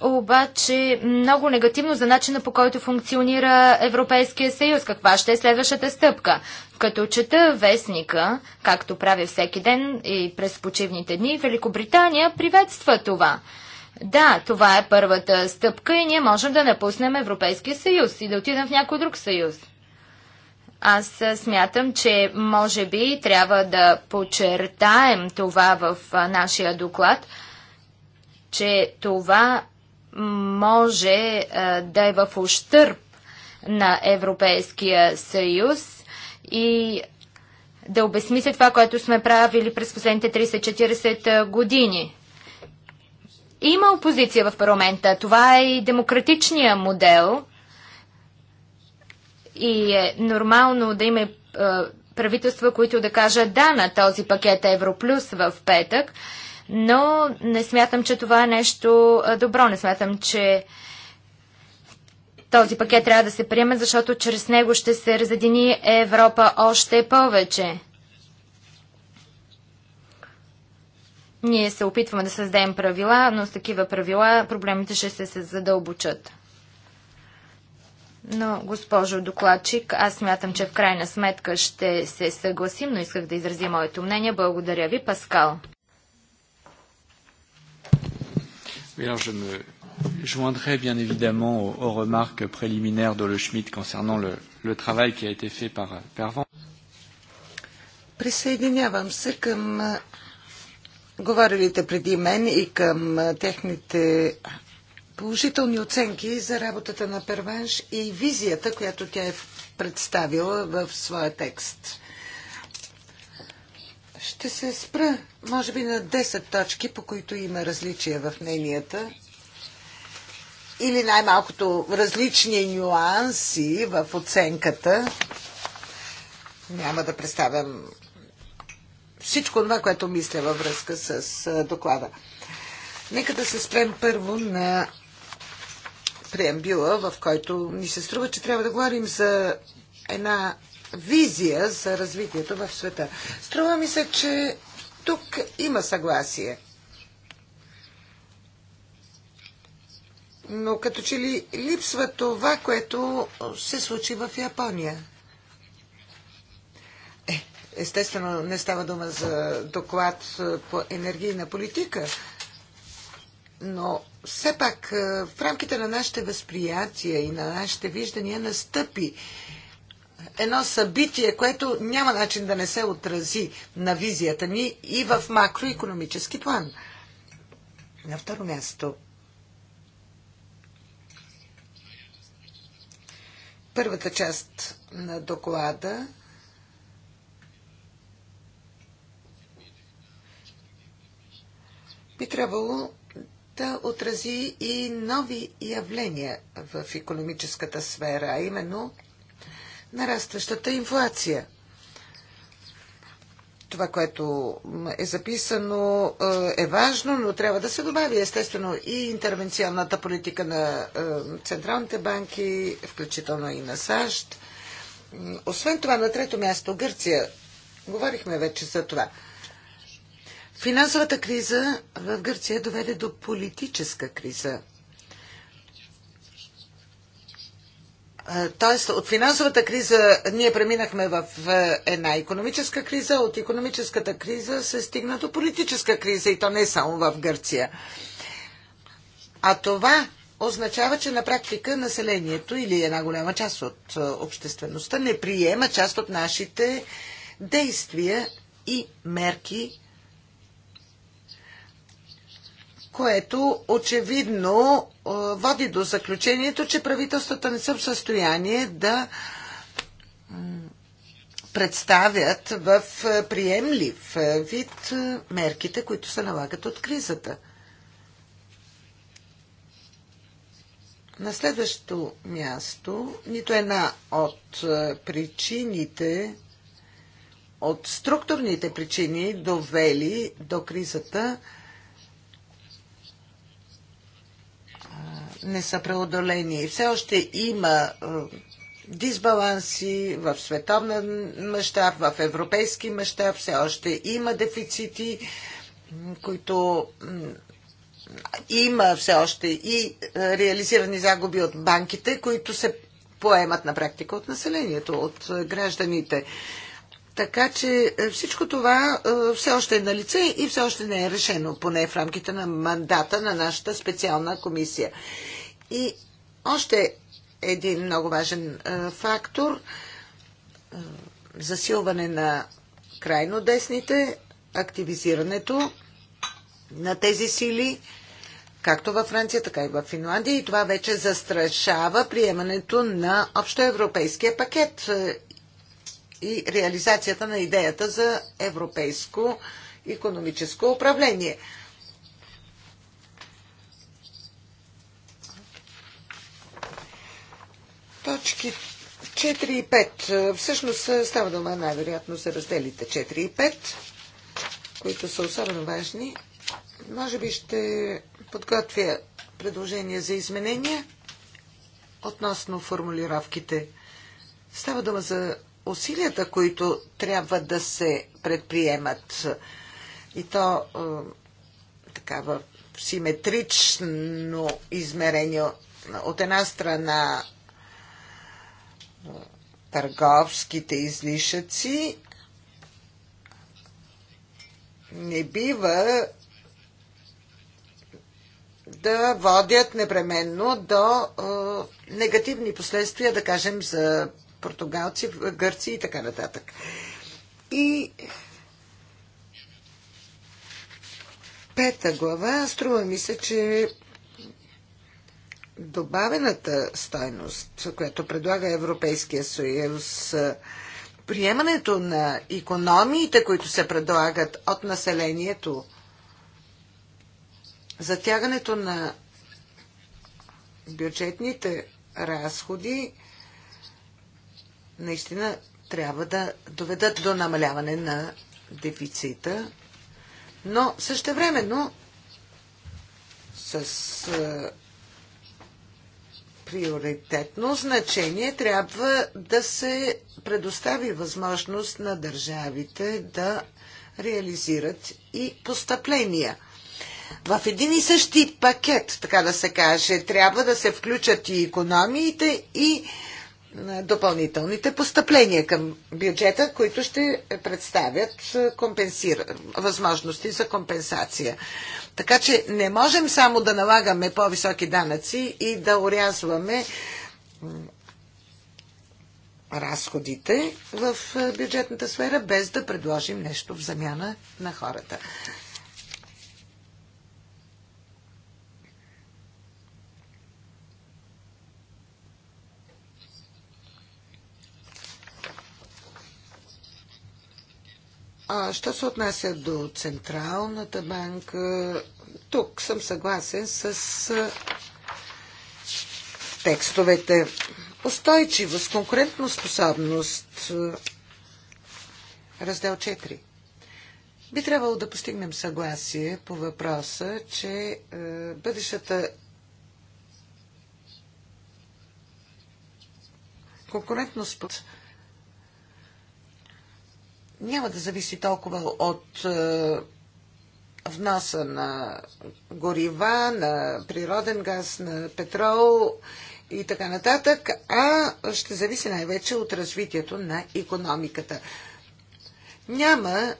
Speaker 2: обаче много негативно за начина по който функционира Европейския съюз. Каква ще е следващата стъпка? Като чета вестника, както прави всеки ден и през почивните дни, Великобритания приветства това. Да, това е първата стъпка и ние можем да напуснем Европейския съюз и да отидем в някой друг съюз. Аз смятам, че може би трябва да подчертаем това в нашия доклад, че това може да е в ущърп на Европейския съюз и да обесмисля това, което сме правили през последните 30-40 години. Има опозиция в парламента. Това е и демократичния модел. И е нормално да има правителства, които да кажат да на този пакет Европлюс в петък но не смятам, че това е нещо добро. Не смятам, че този пакет трябва да се приеме, защото чрез него ще се разедини Европа още повече. Ние се опитваме да създадем правила, но с такива правила проблемите ще се, се задълбочат. Но, госпожо докладчик, аз смятам, че в крайна сметка ще се съгласим, но исках да изразя моето мнение. Благодаря ви, Паскал. Oui, alors je me joindrai bien évidemment aux, aux remarques préliminaires d'Ole Schmidt concernant le, le travail qui a été fait par Pervan.
Speaker 1: Присъединявам се към говорилите преди мен и към техните положителни оценки за работата на Перванш и визията, която тя е представила в своя текст. Ще се спра, може би, на 10 точки, по които има различия в мненията. Или най-малкото различни нюанси в оценката. Няма да представям всичко това, което мисля във връзка с доклада. Нека да се спрем първо на преамбюла, в който ни се струва, че трябва да говорим за една визия за развитието в света. Струва ми се, че тук има съгласие. Но като че ли липсва това, което се случи в Япония. Е, естествено, не става дума за доклад е, по енергийна политика, но все пак е, в рамките на нашите възприятия и на нашите виждания настъпи едно събитие, което няма начин да не се отрази на визията ни и в макроекономически план. На второ място. Първата част на доклада би трябвало да отрази и нови явления в економическата сфера, а именно нарастващата инфлация. Това, което е записано е важно, но трябва да се добави естествено и интервенционната политика на е, централните банки, включително и на САЩ. Освен това, на трето място Гърция. Говорихме вече за това. Финансовата криза в Гърция доведе до политическа криза. Тоест, от финансовата криза ние преминахме в една економическа криза, от економическата криза се стигна до политическа криза и то не само в Гърция. А това означава, че на практика населението или една голяма част от обществеността не приема част от нашите действия и мерки което очевидно води до заключението, че правителствата не са в състояние да представят в приемлив вид мерките, които се налагат от кризата. На следващото място, нито една от причините, от структурните причини, довели до кризата, не са преодолени. Все още има е, дисбаланси в световна мащаб, в европейски мащаб, все още има дефицити, които има все още и е, реализирани загуби от банките, които се поемат на практика от населението, от е, гражданите. Така че всичко това все още е на лице и все още не е решено, поне в рамките на мандата на нашата специална комисия. И още един много важен фактор засилване на крайно десните, активизирането на тези сили, както във Франция, така и в Финландия. И това вече застрашава приемането на общоевропейския пакет и реализацията на идеята за европейско економическо управление – Точки 4 и 5. Всъщност е, става дума най-вероятно за разделите 4 и 5, които са особено важни. Може би ще подготвя предложение за изменения относно формулировките. Става дума за усилията, които трябва да се предприемат. И то е, такава симетрично измерение. От една страна търговските излишъци не бива да водят непременно до е, негативни последствия, да кажем, за португалци, гърци и така нататък. И пета глава, струва ми се, че добавената стойност, която предлага Европейския съюз, е, приемането на економиите, които се предлагат от населението, затягането на бюджетните разходи, наистина трябва да доведат до намаляване на дефицита, но същевременно с е, приоритетно значение трябва да се предостави възможност на държавите да реализират и постъпления. В един и същи пакет, така да се каже, трябва да се включат и економиите, и допълнителните постъпления към бюджета, които ще представят възможности за компенсация. Така че не можем само да налагаме по-високи данъци и да урязваме разходите в бюджетната сфера, без да предложим нещо в замяна на хората. А що се отнася до Централната банка, тук съм съгласен с текстовете. Устойчивост, конкурентно способност, раздел 4. Би трябвало да постигнем съгласие по въпроса, че е, бъдещата конкурентно способност няма да зависи толкова от е, вноса на горива, на природен газ, на петрол и така нататък, а ще зависи най-вече от развитието на економиката. Няма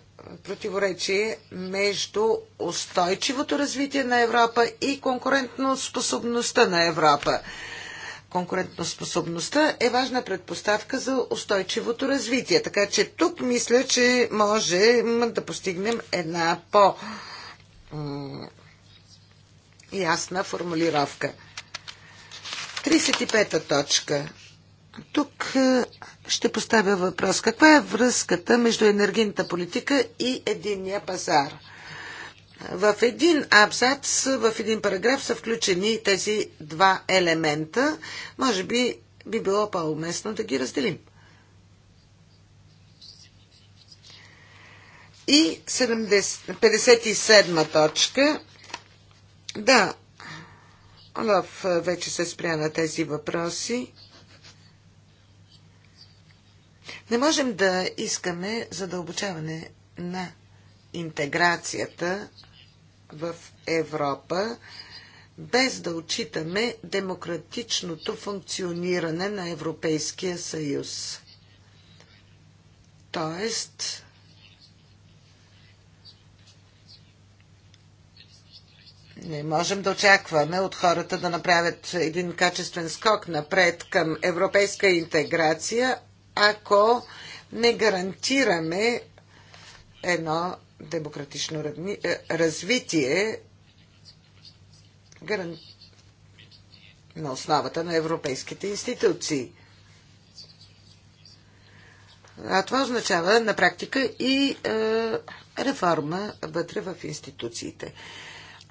Speaker 1: противоречие между устойчивото развитие на Европа и конкурентно способността на Европа конкурентоспособността е важна предпоставка за устойчивото развитие. Така че тук мисля, че може да постигнем една по ясна формулировка. 35-та точка. Тук е, ще поставя въпрос. Каква е връзката между енергийната политика и единния пазар? В един абзац, в един параграф са включени тези два елемента. Може би би било по-уместно да ги разделим. И 57 точка. Да, Олаф вече се спря на тези въпроси. Не можем да искаме задълбочаване на интеграцията в Европа, без да отчитаме демократичното функциониране на Европейския съюз. Тоест, не можем да очакваме от хората да направят един качествен скок напред към европейска интеграция, ако не гарантираме едно демократично е, развитие на основата на европейските институции. А това означава на практика и е, реформа вътре в институциите.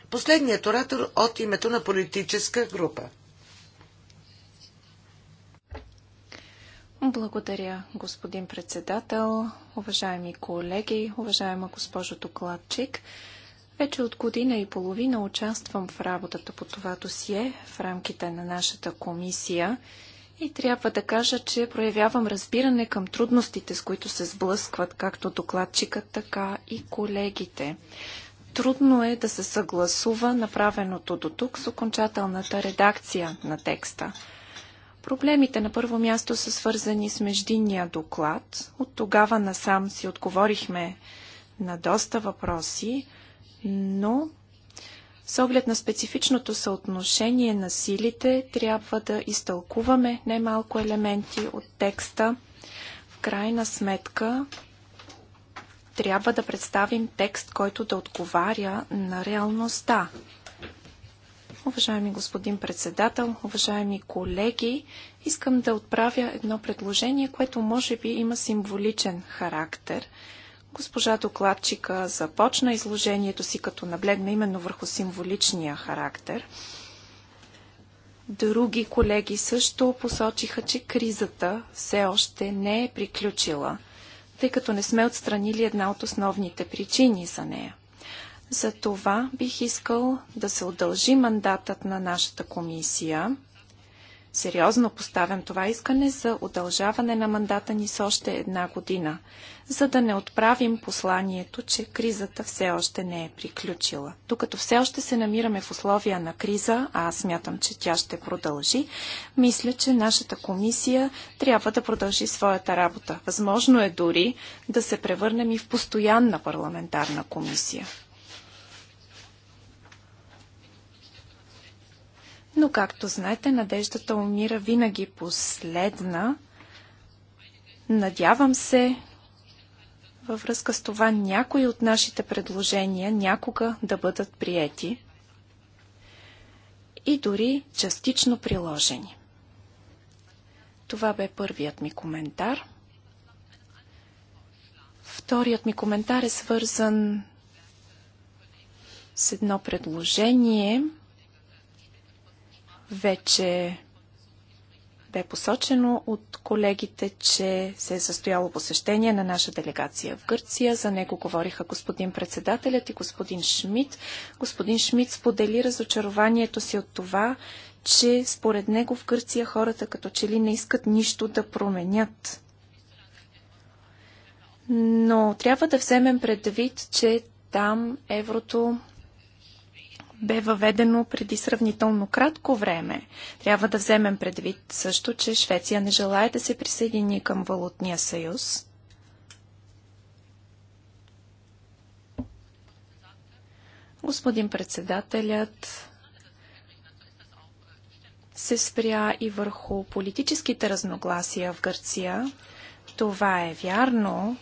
Speaker 1: Последният оратор от името на политическа група.
Speaker 3: Благодаря, господин председател, уважаеми колеги, уважаема госпожо докладчик. Вече от година и половина участвам в работата по това досие в рамките на нашата комисия и трябва да кажа, че проявявам разбиране към трудностите, с които се сблъскват както докладчикът, така и колегите. Трудно е да се съгласува направеното до тук с окончателната редакция на текста. Проблемите на първо място са свързани с междинния доклад. От тогава насам си отговорихме на доста въпроси, но с оглед на специфичното съотношение на силите, трябва да изтълкуваме немалко елементи от текста. В крайна сметка, трябва да представим текст, който да отговаря на реалността. Уважаеми господин председател, уважаеми колеги, искам да отправя едно предложение, което може би има символичен характер. Госпожа докладчика започна изложението си, като наблегна именно върху символичния характер. Други колеги също посочиха, че кризата все още не е приключила, тъй като не сме отстранили една от основните причини за нея – за това бих искал да се удължи мандатът на нашата комисия. Сериозно поставям това искане за удължаване на мандата ни с още една година, за да не отправим посланието, че кризата все още не е приключила. Докато все още се намираме в условия на криза, а аз смятам, че тя ще продължи, мисля, че нашата комисия трябва да продължи своята работа. Възможно е дори да се превърнем и в постоянна парламентарна комисия. Но, както знаете, надеждата умира винаги последна. Надявам се, във връзка с това някои от нашите предложения някога да бъдат приети и дори частично приложени. Това бе първият ми коментар. Вторият ми коментар е свързан с едно предложение – вече бе посочено от колегите, че се е състояло посещение на наша делегация в Гърция. За него говориха господин председателят и господин Шмидт. Господин Шмидт сподели разочарованието си от това, че според него в Гърция хората като че ли не искат нищо да променят. Но трябва да вземем предвид, че там еврото бе въведено преди сравнително кратко време. Трябва да вземем предвид също, че Швеция не желая да се присъедини към Валутния съюз. Господин председателят се спря и върху политическите разногласия в Гърция. Това е вярно,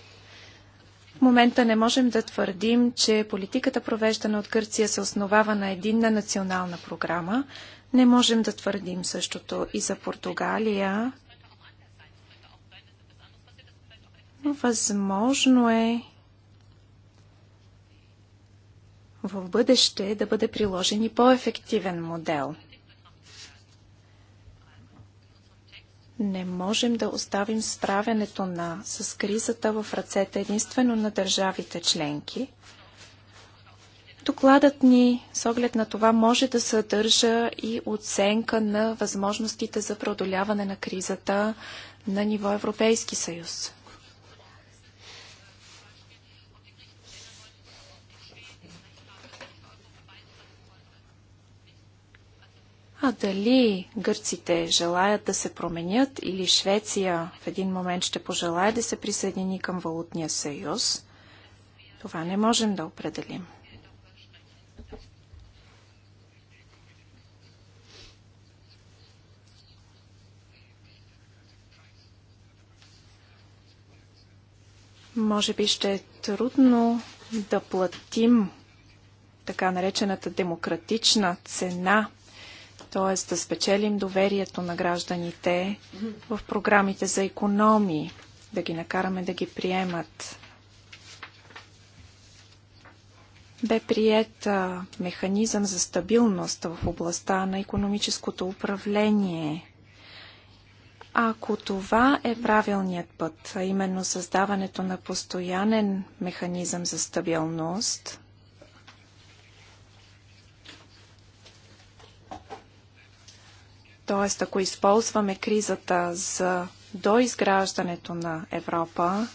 Speaker 3: момента не можем да твърдим, че политиката провеждана от Гърция се основава на единна национална програма. Не можем да твърдим същото и за Португалия. Но възможно е в бъдеще да бъде приложен и по-ефективен модел – Не можем да оставим справянето на, с кризата в ръцете единствено на държавите членки. Докладът ни, с оглед на това, може да съдържа и оценка на възможностите за преодоляване на кризата на ниво Европейски съюз. А дали гърците желаят да се променят или Швеция в един момент ще пожелая да се присъедини към валутния съюз, това не можем да определим. Може би ще е трудно да платим така наречената демократична цена – т.е. да спечелим доверието на гражданите в програмите за економи, да ги накараме да ги приемат. Бе прият механизъм за стабилност в областта на економическото управление. Ако това е правилният път, а именно създаването на постоянен механизъм за стабилност, Тоест, ако използваме кризата за доизграждането на Европа,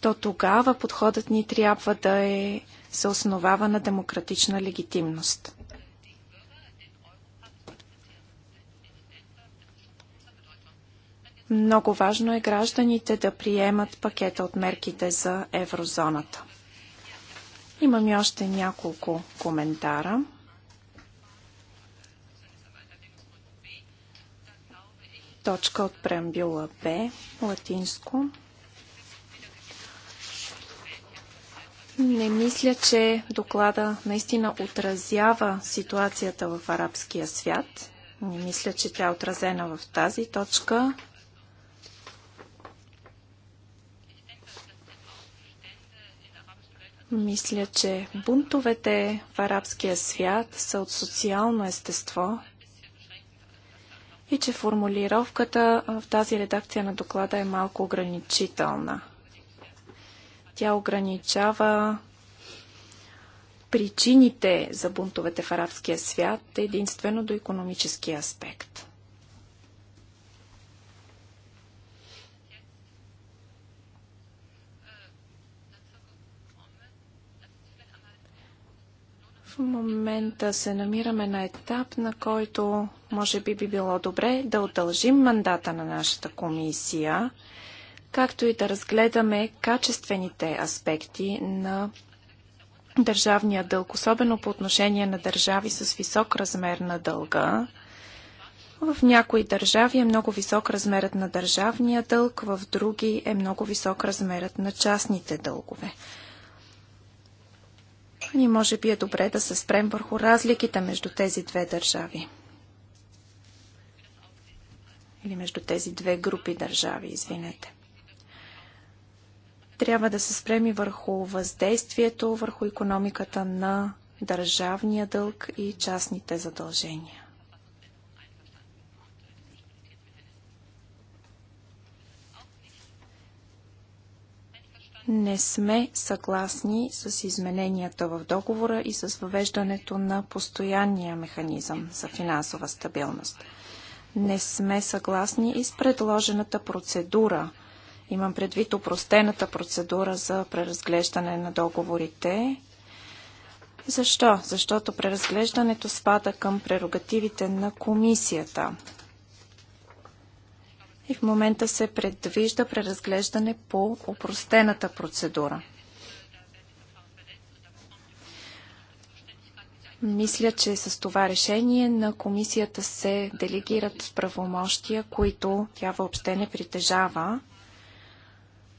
Speaker 3: то тогава подходът ни трябва да е, се основава на демократична легитимност. Много важно е гражданите да приемат пакета от мерките за еврозоната. Имам и още няколко коментара. точка от преамбюла Б, латинско. Не мисля, че доклада наистина отразява ситуацията в арабския свят. Не мисля, че тя е отразена в тази точка. Мисля, че бунтовете в арабския свят са от социално естество, и че формулировката в тази редакция на доклада е малко ограничителна. Тя ограничава причините за бунтовете в арабския свят единствено до економически аспект. В момента се намираме на етап, на който може би би било добре да удължим мандата на нашата комисия, както и да разгледаме качествените аспекти на държавния дълг, особено по отношение на държави с висок размер на дълга. В някои държави е много висок размерът на държавния дълг, в други е много висок размерът на частните дългове. И може би е добре да се спрем върху разликите между тези две държави. Или между тези две групи държави, извинете. Трябва да се спрем и върху въздействието върху економиката на държавния дълг и частните задължения. не сме съгласни с измененията в договора и с въвеждането на постоянния механизъм за финансова стабилност. Не сме съгласни и с предложената процедура. Имам предвид упростената процедура за преразглеждане на договорите. Защо? Защото преразглеждането спада към прерогативите на комисията и в момента се предвижда преразглеждане по упростената процедура. Мисля, че с това решение на комисията се делегират правомощия, които тя въобще не притежава.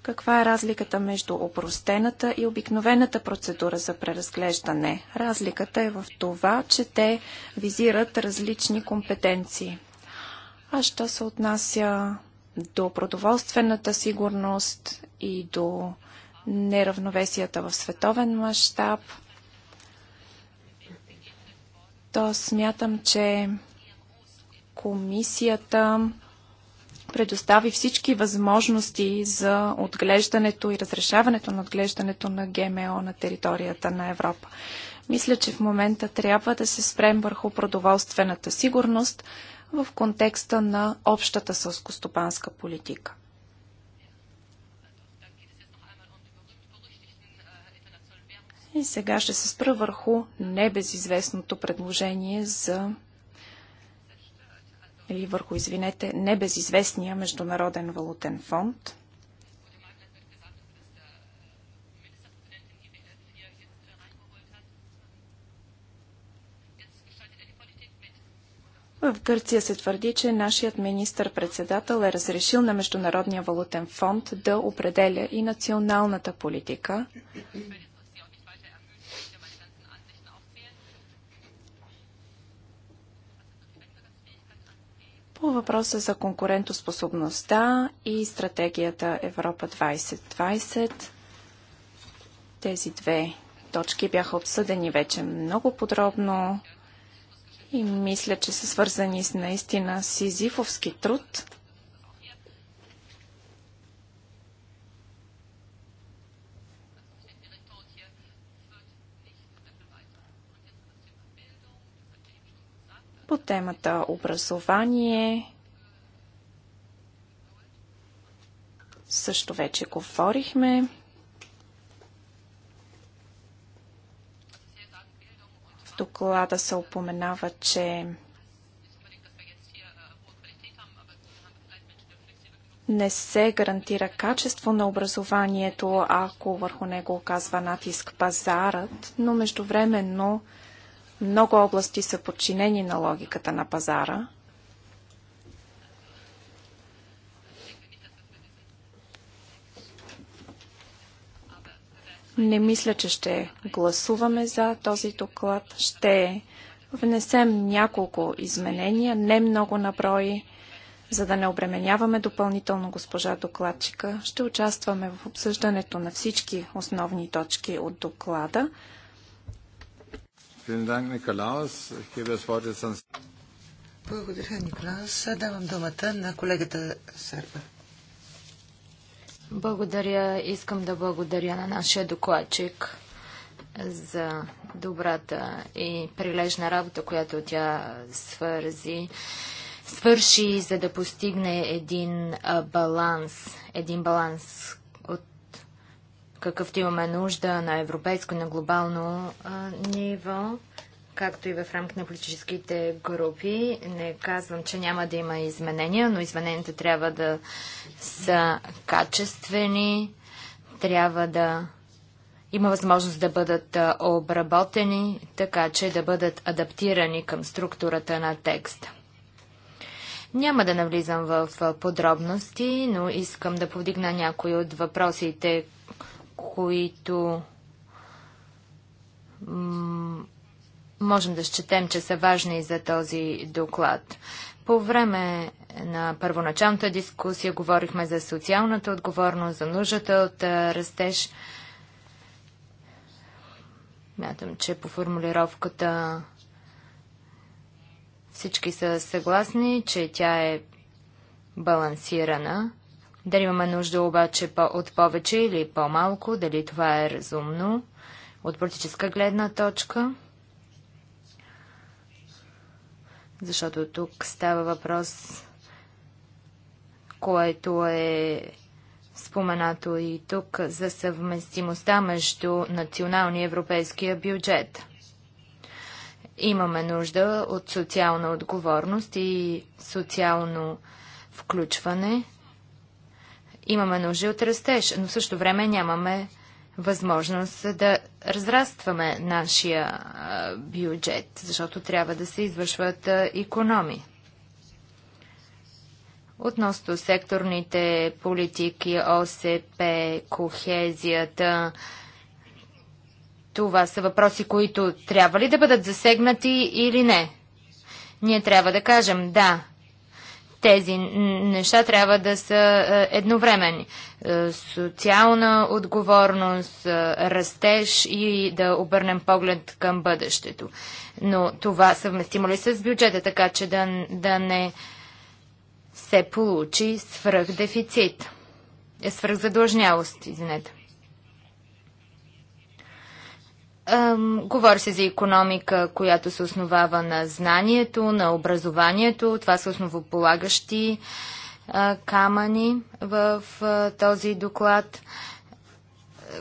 Speaker 3: Каква е разликата между опростената и обикновената процедура за преразглеждане? Разликата е в това, че те визират различни компетенции. А що се отнася до продоволствената сигурност и до неравновесията в световен мащаб, то смятам, че комисията предостави всички възможности за отглеждането и разрешаването на отглеждането на ГМО на територията на Европа. Мисля, че в момента трябва да се спрем върху продоволствената сигурност, в контекста на общата сълскостопанска политика. И сега ще се спра върху небезизвестното предложение за или върху, извинете, небезизвестния Международен валутен фонд – В Гърция се твърди, че нашият министър-председател е разрешил на Международния валутен фонд да определя и националната политика. По въпроса за конкурентоспособността и стратегията Европа 2020, тези две точки бяха обсъдени вече много подробно и мисля, че са свързани с наистина сизифовски труд. По темата образование също вече говорихме. доклада се упоменава, че не се гарантира качество на образованието, ако върху него оказва натиск пазарът, но междувременно много области са подчинени на логиката на пазара. Не мисля, че ще гласуваме за този доклад. Ще внесем няколко изменения, не много наброи, за да не обременяваме допълнително госпожа докладчика. Ще участваме в обсъждането на всички основни точки от доклада. Благодаря, Николаус. Давам думата на
Speaker 1: колегата Сърба.
Speaker 2: Благодаря. Искам да благодаря на нашия докладчик за добрата и прилежна работа, която тя свързи, свърши, за да постигне един а, баланс, един баланс от какъвто имаме нужда на европейско, и на глобално а, ниво както и в рамките на политическите групи. Не казвам, че няма да има изменения, но измененията трябва да са качествени, трябва да има възможност да бъдат обработени, така че да бъдат адаптирани към структурата на текста. Няма да навлизам в подробности, но искам да повдигна някои от въпросите, които можем да счетем, че са важни за този доклад. По време на първоначалната дискусия говорихме за социалната отговорност, за нуждата от растеж. Мятам, че по формулировката всички са съгласни, че тя е балансирана. Дали имаме нужда обаче от повече или по-малко, дали това е разумно от политическа гледна точка – защото тук става въпрос, което е споменато и тук за съвместимостта между националния и европейския бюджет. Имаме нужда от социална отговорност и социално включване. Имаме нужда от растеж, но също време нямаме възможност да разрастваме нашия бюджет, защото трябва да се извършват економи. Относно секторните политики, ОСП, кохезията, това са въпроси, които трябва ли да бъдат засегнати или не? Ние трябва да кажем да, тези неща трябва да са е, едновременни. Е, социална отговорност, е, растеж и да обърнем поглед към бъдещето. Но това съвместимо ли с бюджета, така че да, да не се получи свръхдефицит? Е свръхзадлъжнялост, извинете. Говори се за економика, която се основава на знанието, на образованието. Това са основополагащи камъни в този доклад.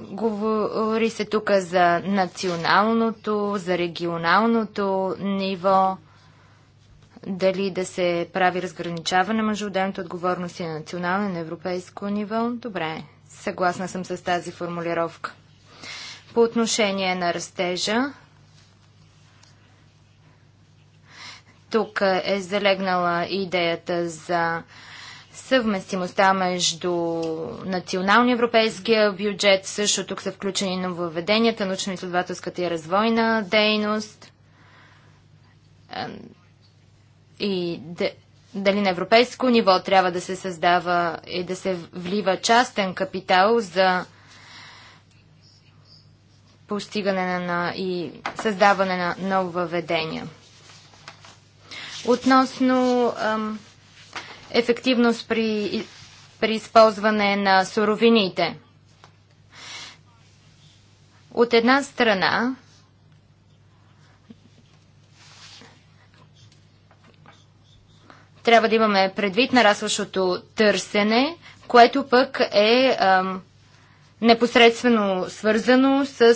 Speaker 2: Говори се тук за националното, за регионалното ниво, дали да се прави разграничаване между отделните отговорности на национално и на европейско ниво. Добре, съгласна съм с тази формулировка. По отношение на растежа, тук е залегнала идеята за съвместимостта между националния европейския бюджет. Също тук са включени нововведенията, научно-изследователската и развойна дейност и дали на европейско ниво трябва да се създава и да се влива частен капитал за постигане на и създаване на въведение. Относно ам, ефективност при, при използване на суровините. От една страна, трябва да имаме предвид нарасващото търсене, което пък е ам, непосредствено свързано с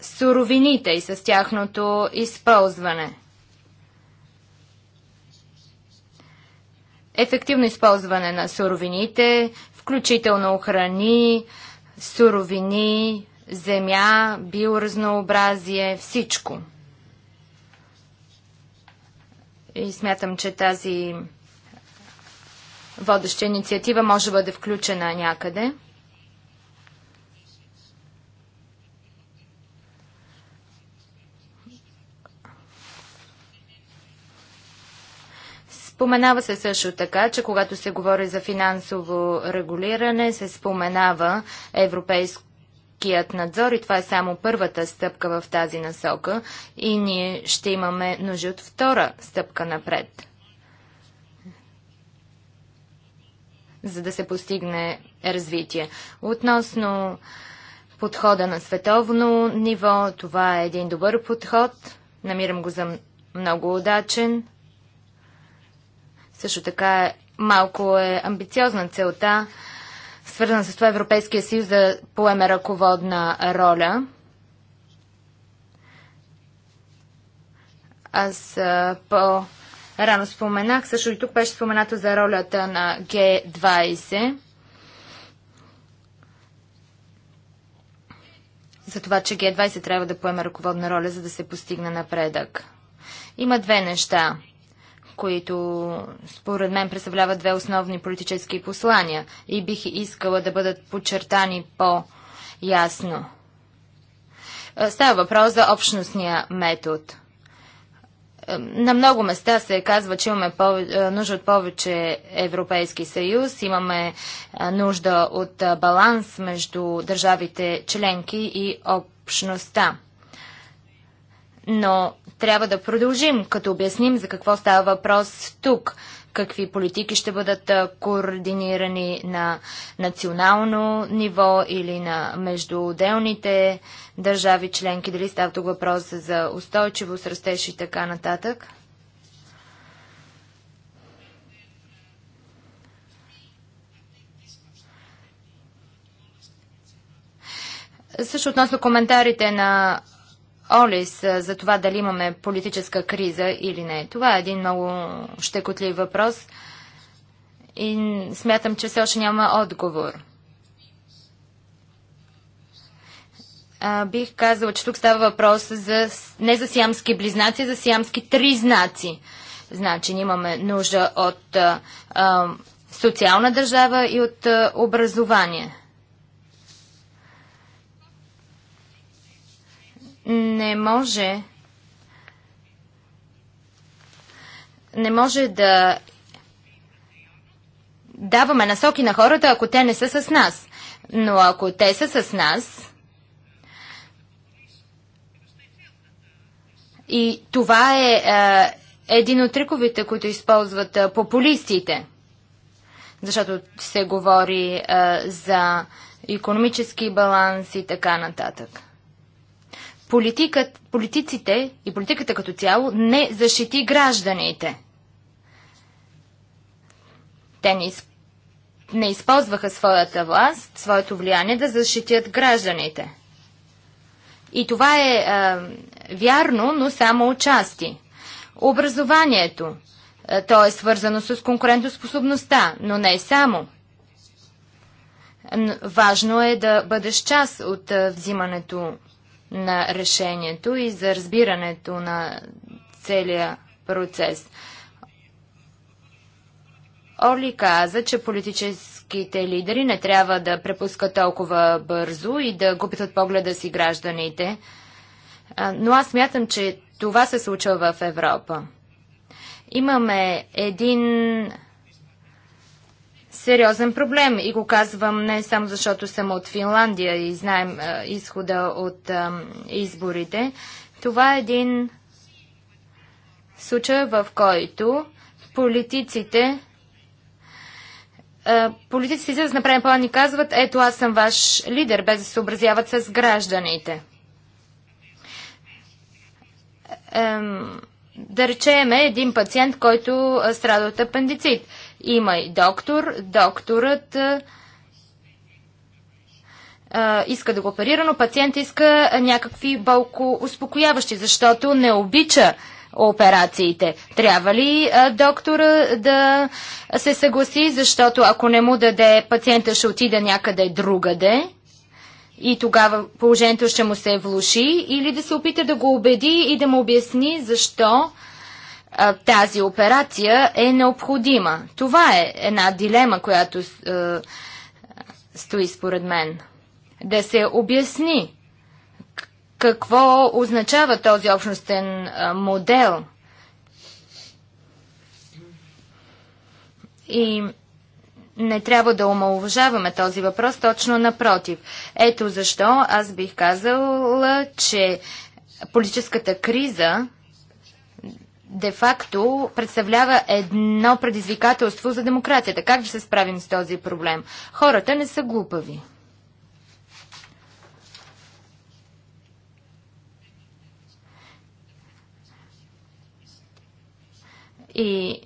Speaker 2: суровините и с тяхното използване. Ефективно използване на суровините, включително храни, суровини, земя, биоразнообразие, всичко. И смятам, че тази водеща инициатива може да бъде включена някъде. Споменава се също така, че когато се говори за финансово регулиране, се споменава европейският надзор и това е само първата стъпка в тази насока и ние ще имаме нужда от втора стъпка напред. за да се постигне развитие. Относно подхода на световно ниво, това е един добър подход. Намирам го за много удачен. Също така е, малко е амбициозна целта, свързана с това Европейския съюз да поеме ръководна роля. Аз по-рано споменах, също и тук беше споменато за ролята на Г20. за това, че Г20 трябва да поеме ръководна роля, за да се постигне напредък. Има две неща – които според мен представляват две основни политически послания и бих искала да бъдат подчертани по-ясно. Е, става въпрос за общностния метод. Е, на много места се казва, че имаме е, нужда от повече Европейски съюз, имаме нужда от баланс между държавите членки и общността но трябва да продължим, като обясним за какво става въпрос тук, какви политики ще бъдат координирани на национално ниво или на между отделните държави членки, дали става тук въпрос за устойчивост, растеж и така нататък. Също относно коментарите на Олис за това дали имаме политическа криза или не. Това е един много щекотлив въпрос и смятам, че все още няма отговор. А, бих казала, че тук става въпрос за, не за сиамски близнаци, а за сиамски тризнаци. Значи имаме нужда от а, а, социална държава и от а, образование. не може не може да даваме насоки на хората, ако те не са с нас. Но ако те са с нас, и това е, е един от триковите, които използват е, популистите, защото се говори е, за економически баланс и така нататък. Политикът, политиците и политиката като цяло не защити гражданите. Те не, изп... не използваха своята власт, своето влияние да защитят гражданите. И това е а, вярно, но само отчасти. Образованието. А, то е свързано с конкурентоспособността, но не само. Важно е да бъдеш част от а, взимането на решението и за разбирането на целия процес. Оли каза, че политическите лидери не трябва да препускат толкова бързо и да губят от погледа си гражданите. Но аз мятам, че това се случва в Европа. Имаме един сериозен проблем. И го казвам не само защото съм от Финландия и знаем а, изхода от а, изборите. Това е един случай, в който политиците политиците, за да направим план, ни казват, ето аз съм ваш лидер, без да се образяват с гражданите. Ем, да речеме един пациент, който страда от апендицит. Има и доктор. Докторът иска да го оперира, но пациент иска някакви болко успокояващи, защото не обича операциите. Трябва ли доктора да се съгласи, защото ако не му даде, пациента ще отида някъде другаде и тогава положението ще му се влуши или да се опита да го убеди и да му обясни защо тази операция е необходима. Това е една дилема, която стои според мен. Да се обясни какво означава този общностен модел и не трябва да омалуважаваме този въпрос, точно напротив. Ето защо аз бих казала, че политическата криза де-факто представлява едно предизвикателство за демокрацията. Как да се справим с този проблем? Хората не са глупави. И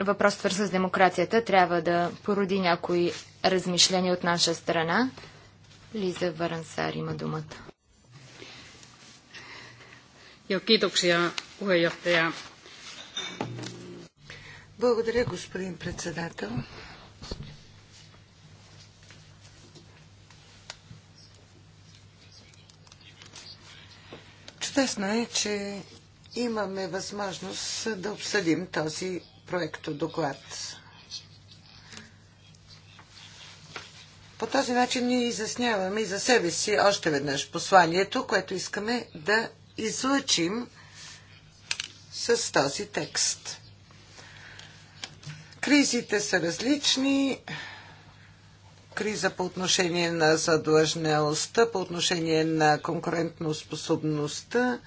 Speaker 2: въпрос свързан с демокрацията трябва да породи някои размишления от наша страна. Лиза Варансар има думата.
Speaker 1: Благодаря, господин председател. Чудесно е, че имаме възможност да обсъдим този проекто доклад. По този начин ние изясняваме и за себе си още веднъж посланието, което искаме да излъчим с този текст. Кризите са различни. Криза по отношение на задлъжнялостта, по отношение на конкурентноспособността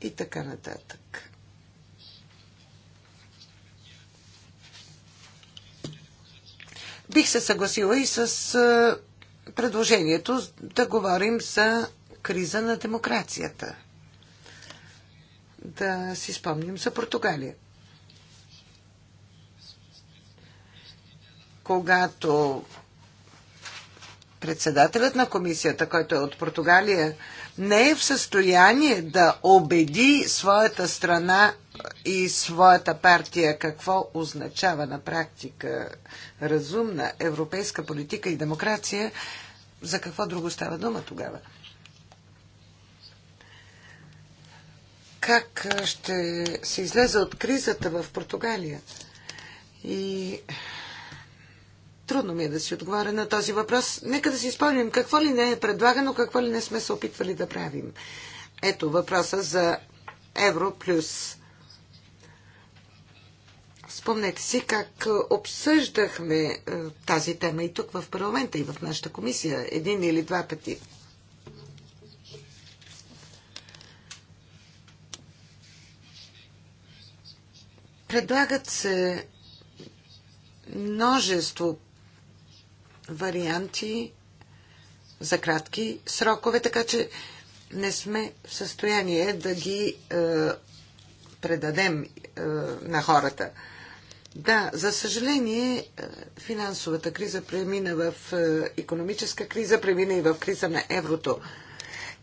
Speaker 1: и така нататък. Бих се съгласила и с предложението да говорим за криза на демокрацията. Да си спомним за Португалия. Когато председателят на комисията, който е от Португалия, не е в състояние да убеди своята страна и своята партия какво означава на практика разумна европейска политика и демокрация, за какво друго става дума тогава? как ще се излезе от кризата в Португалия. И трудно ми е да си отговаря на този въпрос. Нека да си спомним какво ли не е предлагано, какво ли не сме се опитвали да правим. Ето въпроса за Евро плюс. Спомнете си как обсъждахме тази тема и тук в парламента, и в нашата комисия един или два пъти. Предлагат се множество варианти за кратки срокове, така че не сме в състояние да ги е, предадем е, на хората. Да, за съжаление, е, финансовата криза премина в економическа криза, премина и в криза на еврото.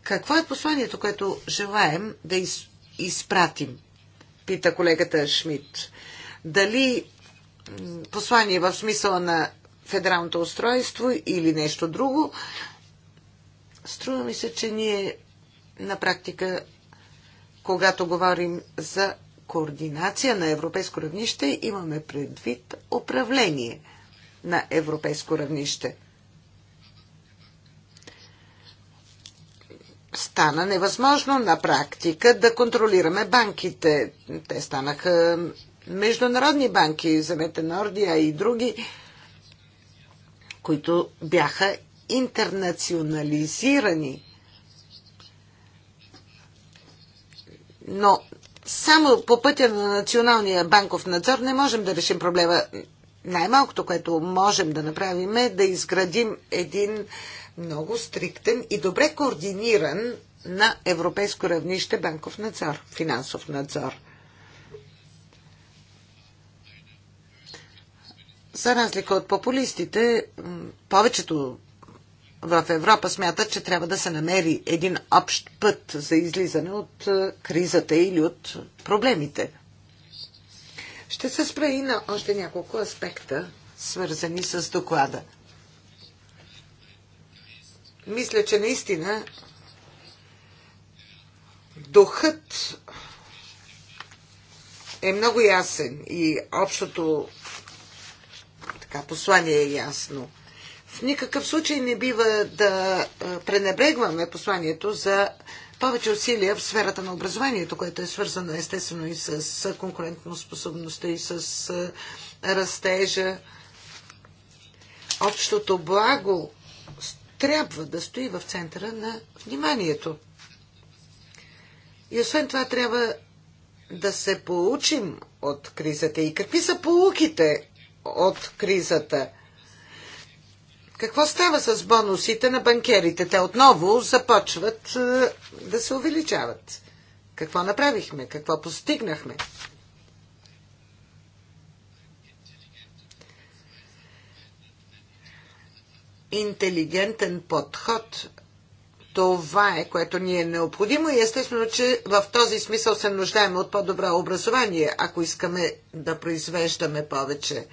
Speaker 1: Какво е посланието, което желаем да из, изпратим пита колегата Шмидт. Дали послание в смисъла на федералното устройство или нещо друго, струва ми се, че ние на практика, когато говорим за координация на европейско равнище, имаме предвид управление на европейско равнище – стана невъзможно на практика да контролираме банките. Те станаха международни банки, замете Нордия и други, които бяха интернационализирани. Но само по пътя на националния банков надзор не можем да решим проблема най-малкото, което можем да направим е да изградим един много стриктен и добре координиран на европейско равнище банков надзор, финансов надзор. За разлика от популистите, повечето в Европа смятат, че трябва да се намери един общ път за излизане от е, кризата или от проблемите. Ще се спра и на още няколко аспекта, свързани с доклада. Мисля, че наистина духът е много ясен и общото така, послание е ясно. В никакъв случай не бива да пренебрегваме посланието за повече усилия в сферата на образованието, което е свързано естествено и с конкурентоспособността и с растежа. Общото благо трябва да стои в центъра на вниманието. И освен това трябва да се получим от кризата. И какви са полуките от кризата? Какво става с бонусите на банкерите? Те отново започват е, да се увеличават. Какво направихме? Какво постигнахме? Интелигентен подход. Това е, което ни е необходимо и естествено, че в този смисъл се нуждаем от по-добро образование, ако искаме да произвеждаме повече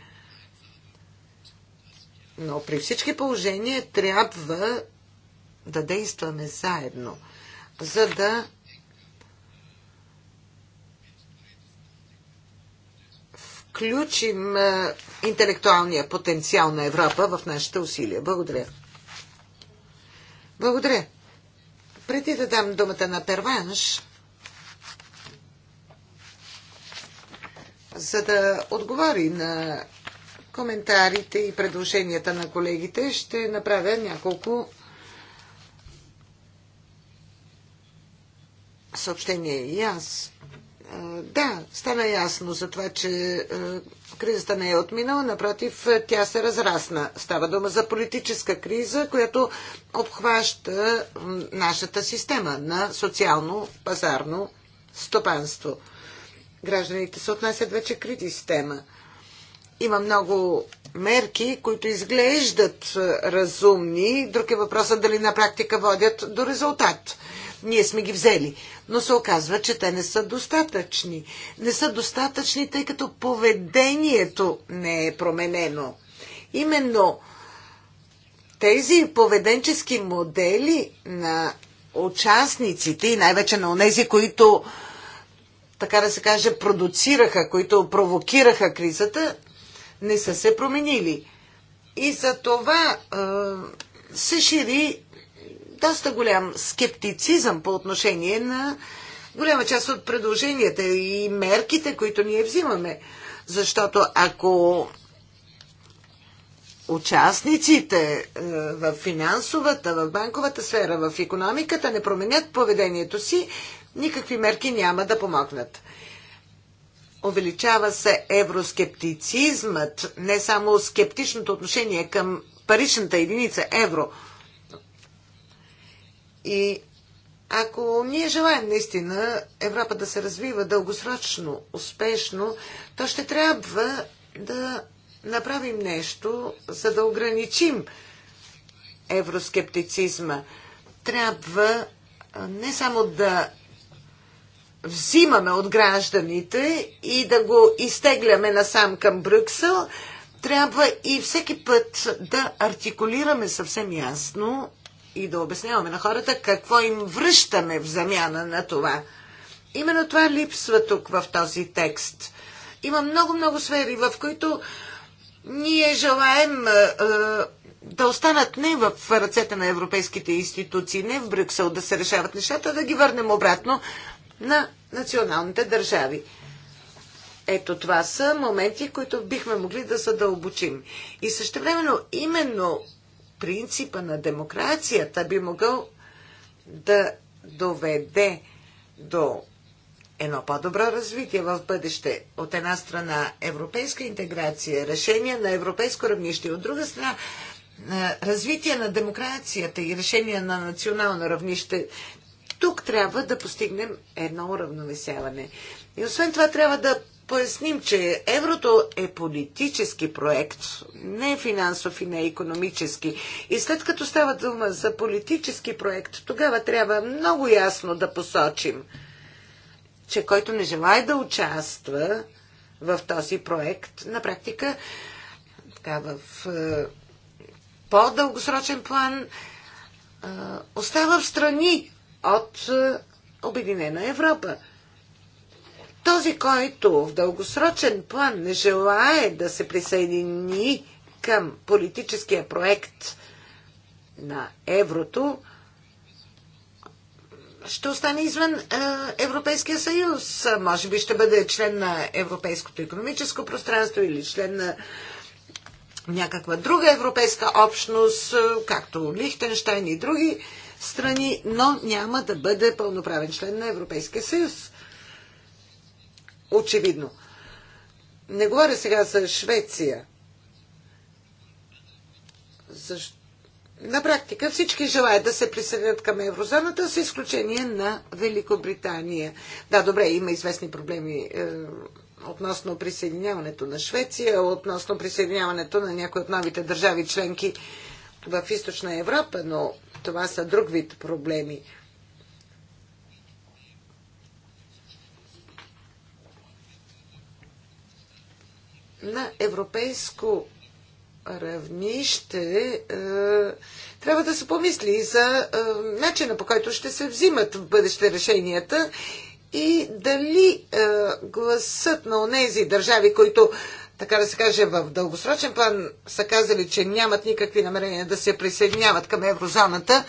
Speaker 1: но при всички положения трябва да действаме заедно, за да включим интелектуалния потенциал на Европа в нашите усилия. Благодаря. Благодаря. Преди да дам думата на перванш, за да отговори на коментарите и предложенията на колегите ще направя няколко съобщения и аз. Да, стана ясно за това, че кризата не е отминала, напротив, тя се разрасна. Става дума за политическа криза, която обхваща нашата система на социално-пазарно стопанство. Гражданите се отнасят вече крити система. Има много мерки, които изглеждат е, разумни. Друг е въпросът дали на практика водят до резултат. Ние сме ги взели, но се оказва, че те не са достатъчни. Не са достатъчни, тъй като поведението не е променено. Именно тези поведенчески модели на участниците и най-вече на онези, които така да се каже, продуцираха, които провокираха кризата, не са се променили. И за това се шири доста голям скептицизъм по отношение на голяма част от предложенията и мерките, които ние взимаме. Защото ако участниците в финансовата, в банковата сфера, в економиката не променят поведението си, никакви мерки няма да помогнат. Увеличава се евроскептицизмът, не само скептичното отношение към паричната единица евро. И ако ние желаем наистина Европа да се развива дългосрочно, успешно, то ще трябва да направим нещо, за да ограничим евроскептицизма. Трябва не само да взимаме от гражданите и да го изтегляме насам към Брюксел, трябва и всеки път да артикулираме съвсем ясно и да обясняваме на хората какво им връщаме в замяна на това. Именно това липсва тук в този текст. Има много-много сфери, в които ние желаем е, е, да останат не в ръцете на европейските институции, не в Брюксел да се решават нещата, да ги върнем обратно на националните държави. Ето това са моменти, които бихме могли да задълбочим. И същевременно именно принципа на демокрацията би могъл да доведе до едно по-добро развитие в бъдеще. От една страна европейска интеграция, решение на европейско равнище, от друга страна развитие на демокрацията и решение на национално равнище. Тук трябва да постигнем едно уравновесяване. И освен това трябва да поясним, че еврото е политически проект, не финансов и не економически. И след като става дума за политически проект, тогава трябва много ясно да посочим, че който не желая да участва в този проект, на практика така, в е, по-дългосрочен план е, остава в страни от е, Обединена Европа. Този, който в дългосрочен план не желае да се присъедини към политическия проект на еврото, ще остане извън е, Европейския съюз. Може би ще бъде член на Европейското економическо пространство или член на някаква друга европейска общност, е, както Лихтенштайн и други страни, но няма да бъде пълноправен член на Европейския съюз. Очевидно. Не говоря сега за Швеция. Защо? На практика всички желаят да се присъединят към еврозоната, с изключение на Великобритания. Да, добре, има известни проблеми е, относно присъединяването на Швеция, относно присъединяването на някои от новите държави членки в източна Европа, но това са друг вид проблеми. На европейско равнище е, трябва да се помисли и за е, начина по който ще се взимат в бъдеще решенията и дали е, гласът на онези държави, които така да се каже, в дългосрочен план са казали, че нямат никакви намерения да се присъединяват към еврозоната,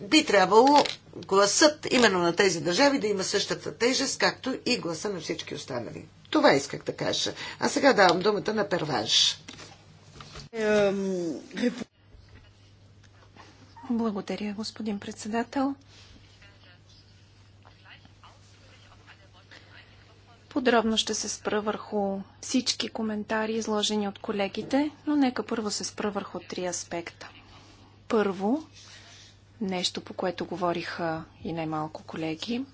Speaker 1: би трябвало гласът именно на тези държави да има същата тежест, както и гласа на всички останали. Това исках да кажа. А сега давам думата на Перванш.
Speaker 3: Благодаря, господин председател. Подробно ще се спра върху всички коментари, изложени от колегите, но нека първо се спра върху три аспекта. Първо, нещо по което говориха и най-малко колеги.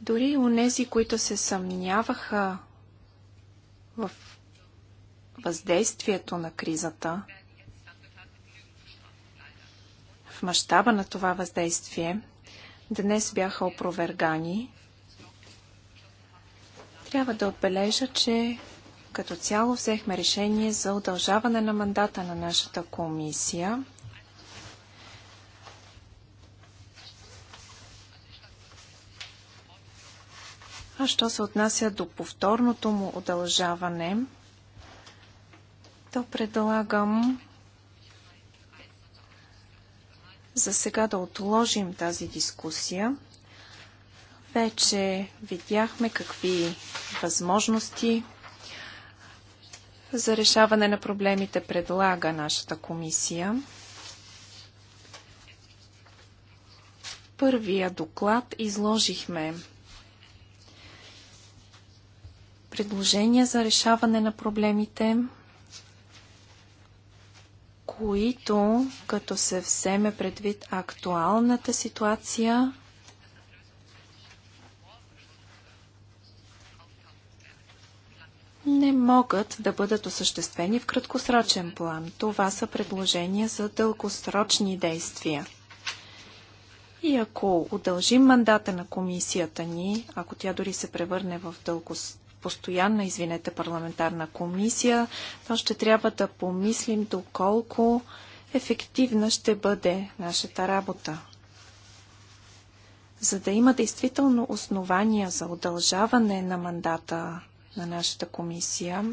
Speaker 3: Дори у нези, които се съмняваха в въздействието на кризата в мащаба на това въздействие, днес бяха опровергани. Трябва да отбележа, че като цяло взехме решение за удължаване на мандата на нашата комисия. А що се отнася до повторното му удължаване, то предлагам за сега да отложим тази дискусия. Вече видяхме какви възможности за решаване на проблемите предлага нашата комисия. Първия доклад изложихме предложения за решаване на проблемите – които, като се вземе предвид актуалната ситуация, не могат да бъдат осъществени в краткосрочен план. Това са предложения за дългосрочни действия. И ако удължим мандата на комисията ни, ако тя дори се превърне в дългосрочен постоянна, извинете, парламентарна комисия, то ще трябва да помислим доколко ефективна ще бъде нашата работа. За да има действително основания за удължаване на мандата на нашата комисия,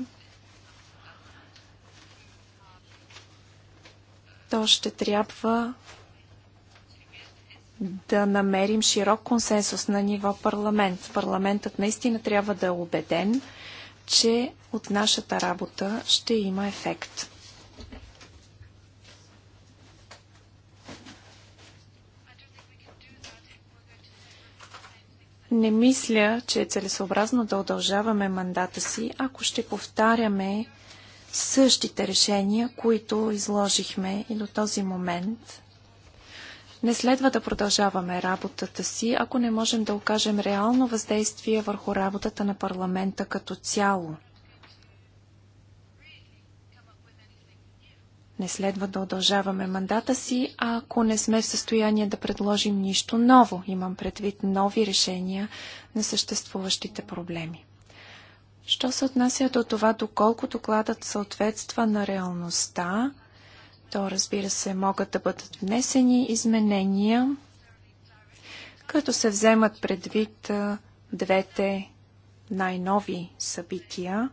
Speaker 3: то ще трябва да намерим широк консенсус на ниво парламент. Парламентът наистина трябва да е убеден, че от нашата работа ще има ефект. Не мисля, че е целесообразно да удължаваме мандата си, ако ще повтаряме същите решения, които изложихме и до този момент. Не следва да продължаваме работата си, ако не можем да окажем реално въздействие върху работата на парламента като цяло. Не следва да удължаваме мандата си, ако не сме в състояние да предложим нищо ново. Имам предвид нови решения на съществуващите проблеми. Що се отнася до това, доколко докладът съответства на реалността, то разбира се могат да бъдат внесени изменения, като се вземат предвид двете най-нови събития.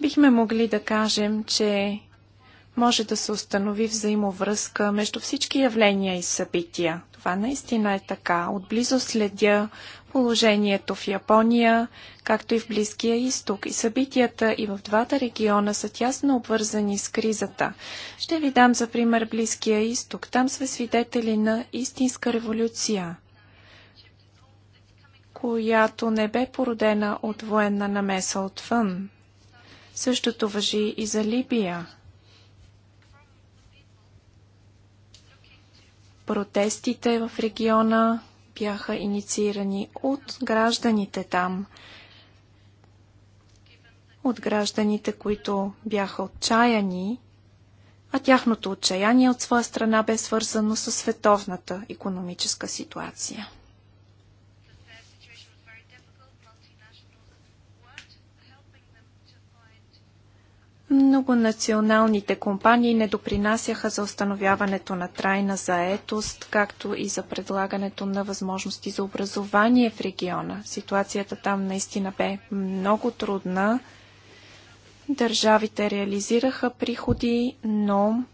Speaker 3: Бихме могли да кажем, че може да се установи взаимовръзка между всички явления и събития. Това наистина е така. Отблизо следя положението в Япония, както и в Близкия изток. И събитията и в двата региона са тясно обвързани с кризата. Ще ви дам за пример Близкия изток. Там сме свидетели на истинска революция която не бе породена от военна намеса отвън. Същото въжи и за Либия. Протестите в региона бяха инициирани от гражданите там, от гражданите, които бяха отчаяни, а тяхното отчаяние от своя страна бе свързано с световната економическа ситуация. Многонационалните компании не допринасяха за установяването на трайна заетост, както и за предлагането на възможности за образование в региона. Ситуацията там наистина бе много трудна. Държавите реализираха приходи, но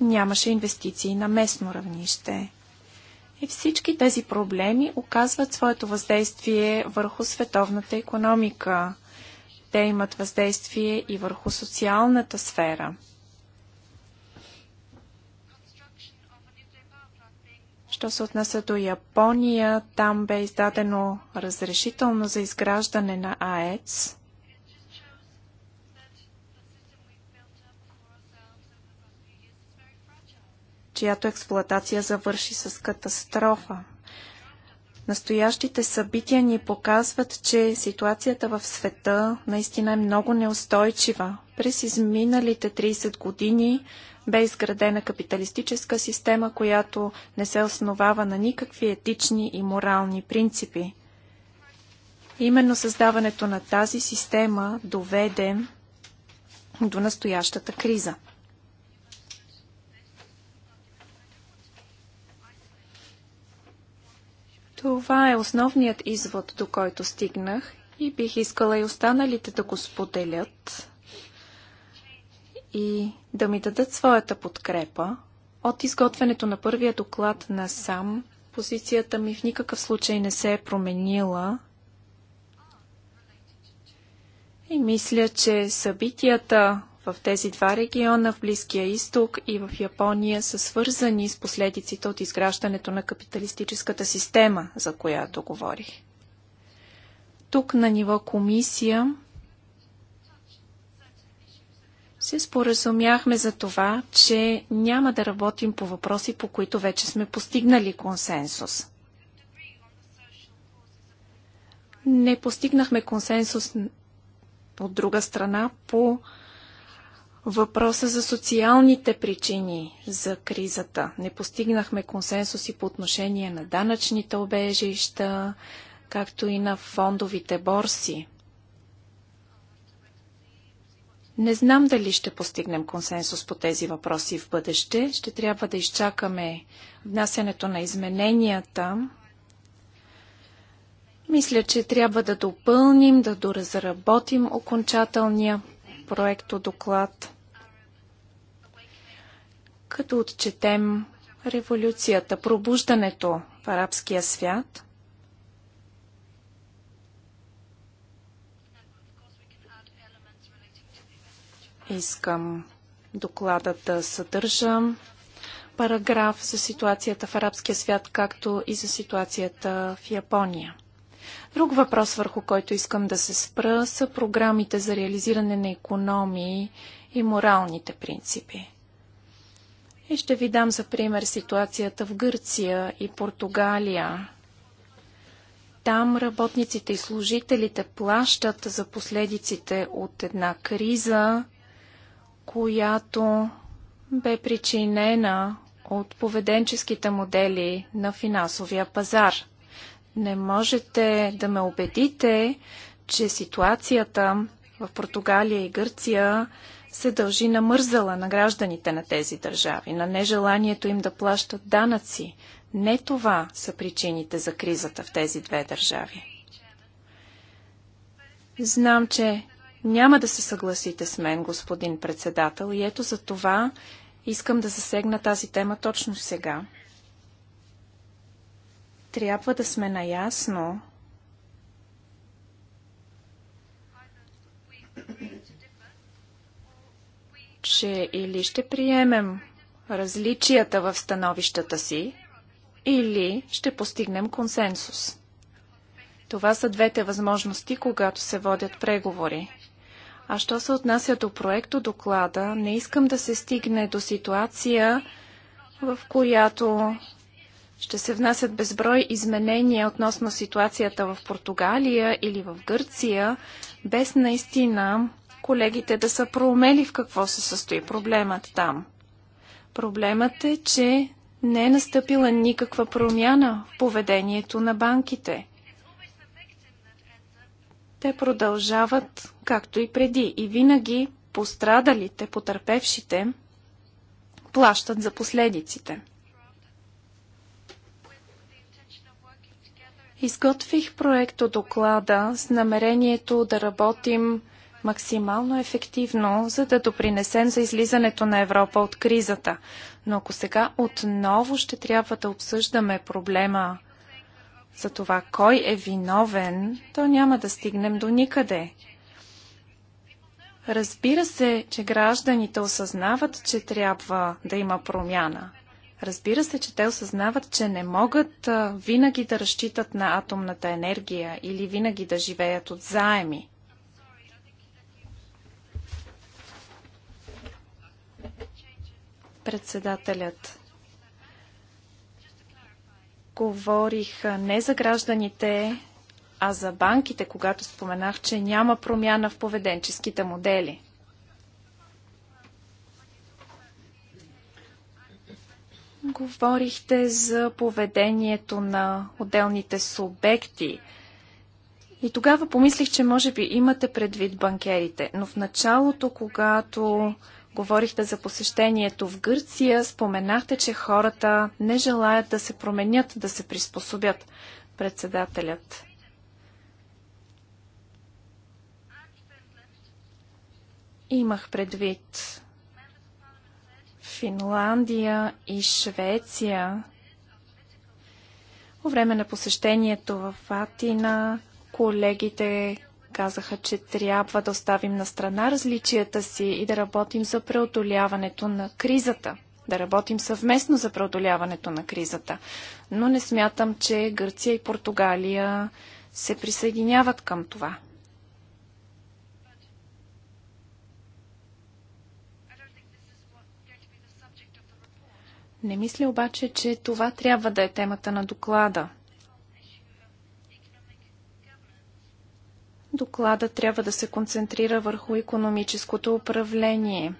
Speaker 3: нямаше инвестиции на местно равнище. И всички тези проблеми оказват своето въздействие върху световната економика – те имат въздействие и върху социалната сфера. Що се отнася до Япония, там бе издадено разрешително за изграждане на АЕЦ. чиято експлоатация завърши с катастрофа. Настоящите събития ни показват, че ситуацията в света наистина е много неустойчива. През изминалите 30 години бе изградена капиталистическа система, която не се основава на никакви етични и морални принципи. Именно създаването на тази система доведе до настоящата криза. Това е основният извод, до който стигнах и бих искала и останалите да го споделят и да ми дадат своята подкрепа. От изготвянето на първия доклад на сам, позицията ми в никакъв случай не се е променила. И мисля, че събитията, в тези два региона, в Близкия изток и в Япония, са свързани с последиците от изграждането на капиталистическата система, за която говорих. Тук на ниво комисия се споразумяхме за това, че няма да работим по въпроси, по които вече сме постигнали консенсус. Не постигнахме консенсус от друга страна по въпроса за социалните причини за кризата. Не постигнахме консенсуси по отношение на данъчните обежища, както и на фондовите борси. Не знам дали ще постигнем консенсус по тези въпроси в бъдеще. Ще трябва да изчакаме внасянето на измененията. Мисля, че трябва да допълним, да доразработим окончателния проекто доклад като отчетем революцията, пробуждането в арабския свят – искам доклада да съдържа параграф за ситуацията в арабския свят, както и за ситуацията в Япония. Друг въпрос, върху който искам да се спра, са програмите за реализиране на економии и моралните принципи. И ще ви дам за пример ситуацията в Гърция и Португалия. Там работниците и служителите плащат за последиците от една криза, която бе причинена от поведенческите модели на финансовия пазар. Не можете да ме убедите, че ситуацията в Португалия и Гърция се дължи на мързала на гражданите на тези държави, на нежеланието им да плащат данъци. Не това са причините за кризата в тези две държави. Знам, че няма да се съгласите с мен, господин председател, и ето за това искам да засегна тази тема точно сега. Трябва да сме наясно, че или ще приемем различията в становищата си, или ще постигнем консенсус. Това са двете възможности, когато се водят преговори. А що се отнася до проекто доклада, не искам да се стигне до ситуация, в която ще се внасят безброй изменения относно ситуацията в Португалия или в Гърция, без наистина колегите да са проумели в какво се състои проблемът там. Проблемът е, че не е настъпила никаква промяна в поведението на банките. Те продължават както и преди и винаги пострадалите, потърпевшите, плащат за последиците. Изготвих проекто доклада с намерението да работим максимално ефективно, за да допринесем за излизането на Европа от кризата. Но ако сега отново ще трябва да обсъждаме проблема за това кой е виновен, то няма да стигнем до никъде. Разбира се, че гражданите осъзнават, че трябва да има промяна. Разбира се, че те осъзнават, че не могат винаги да разчитат на атомната енергия или винаги да живеят от заеми. Председателят говорих не за гражданите, а за банките, когато споменах, че няма промяна в поведенческите модели. Говорихте за поведението на отделните субекти. И тогава помислих, че може би имате предвид банкерите. Но в началото, когато Говорихте за посещението в Гърция, споменахте, че хората не желаят да се променят, да се приспособят. Председателят. Имах предвид Финландия и Швеция. По време на посещението в Атина колегите казаха, че трябва да оставим на страна различията си и да работим за преодоляването на кризата. Да работим съвместно за преодоляването на кризата. Но не смятам, че Гърция и Португалия се присъединяват към това. Не мисля обаче, че това трябва да е темата на доклада – Докладът трябва да се концентрира върху економическото управление.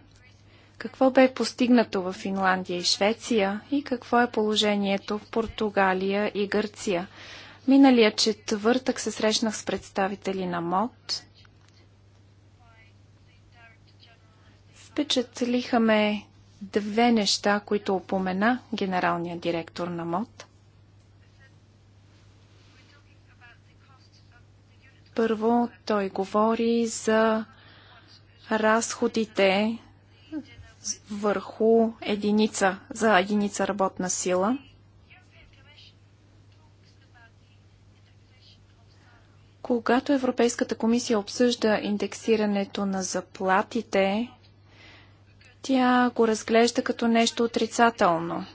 Speaker 3: Какво бе постигнато в Финландия и Швеция и какво е положението в Португалия и Гърция? Миналия четвъртък се срещнах с представители на МОД. Впечатлиха ме две неща, които опомена генералният директор на МОД – Първо, той говори за разходите върху единица, за единица работна сила. Когато Европейската комисия обсъжда индексирането на заплатите, тя го разглежда като нещо отрицателно.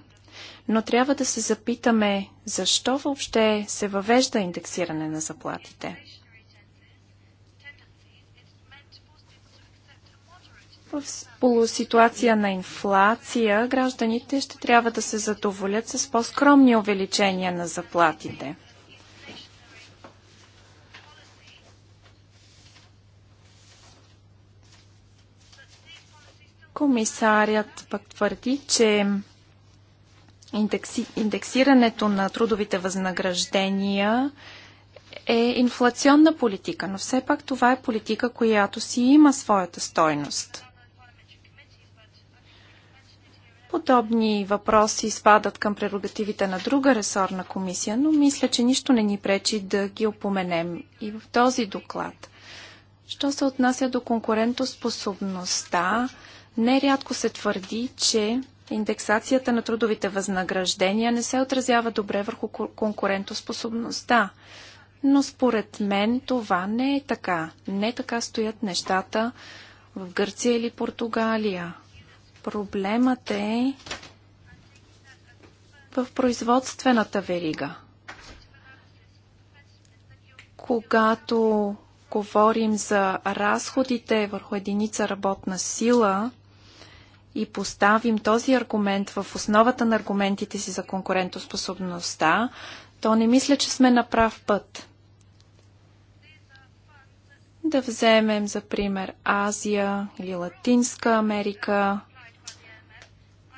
Speaker 3: Но трябва да се запитаме, защо въобще се въвежда индексиране на заплатите. В полуситуация на инфлация гражданите ще трябва да се задоволят с по-скромни увеличения на заплатите. Комисарят пък твърди, че индекси, индексирането на трудовите възнаграждения е инфлационна политика, но все пак това е политика, която си има своята стойност. Подобни въпроси спадат към прерогативите на друга ресорна комисия, но мисля, че нищо не ни пречи да ги опоменем и в този доклад. Що се отнася до конкурентоспособността, нерядко се твърди, че индексацията на трудовите възнаграждения не се отразява добре върху конкурентоспособността. Но според мен това не е така. Не така стоят нещата в Гърция или Португалия. Проблемът е в производствената верига. Когато говорим за разходите върху единица работна сила и поставим този аргумент в основата на аргументите си за конкурентоспособността, то не мисля, че сме на прав път. Да вземем за пример Азия или Латинска Америка –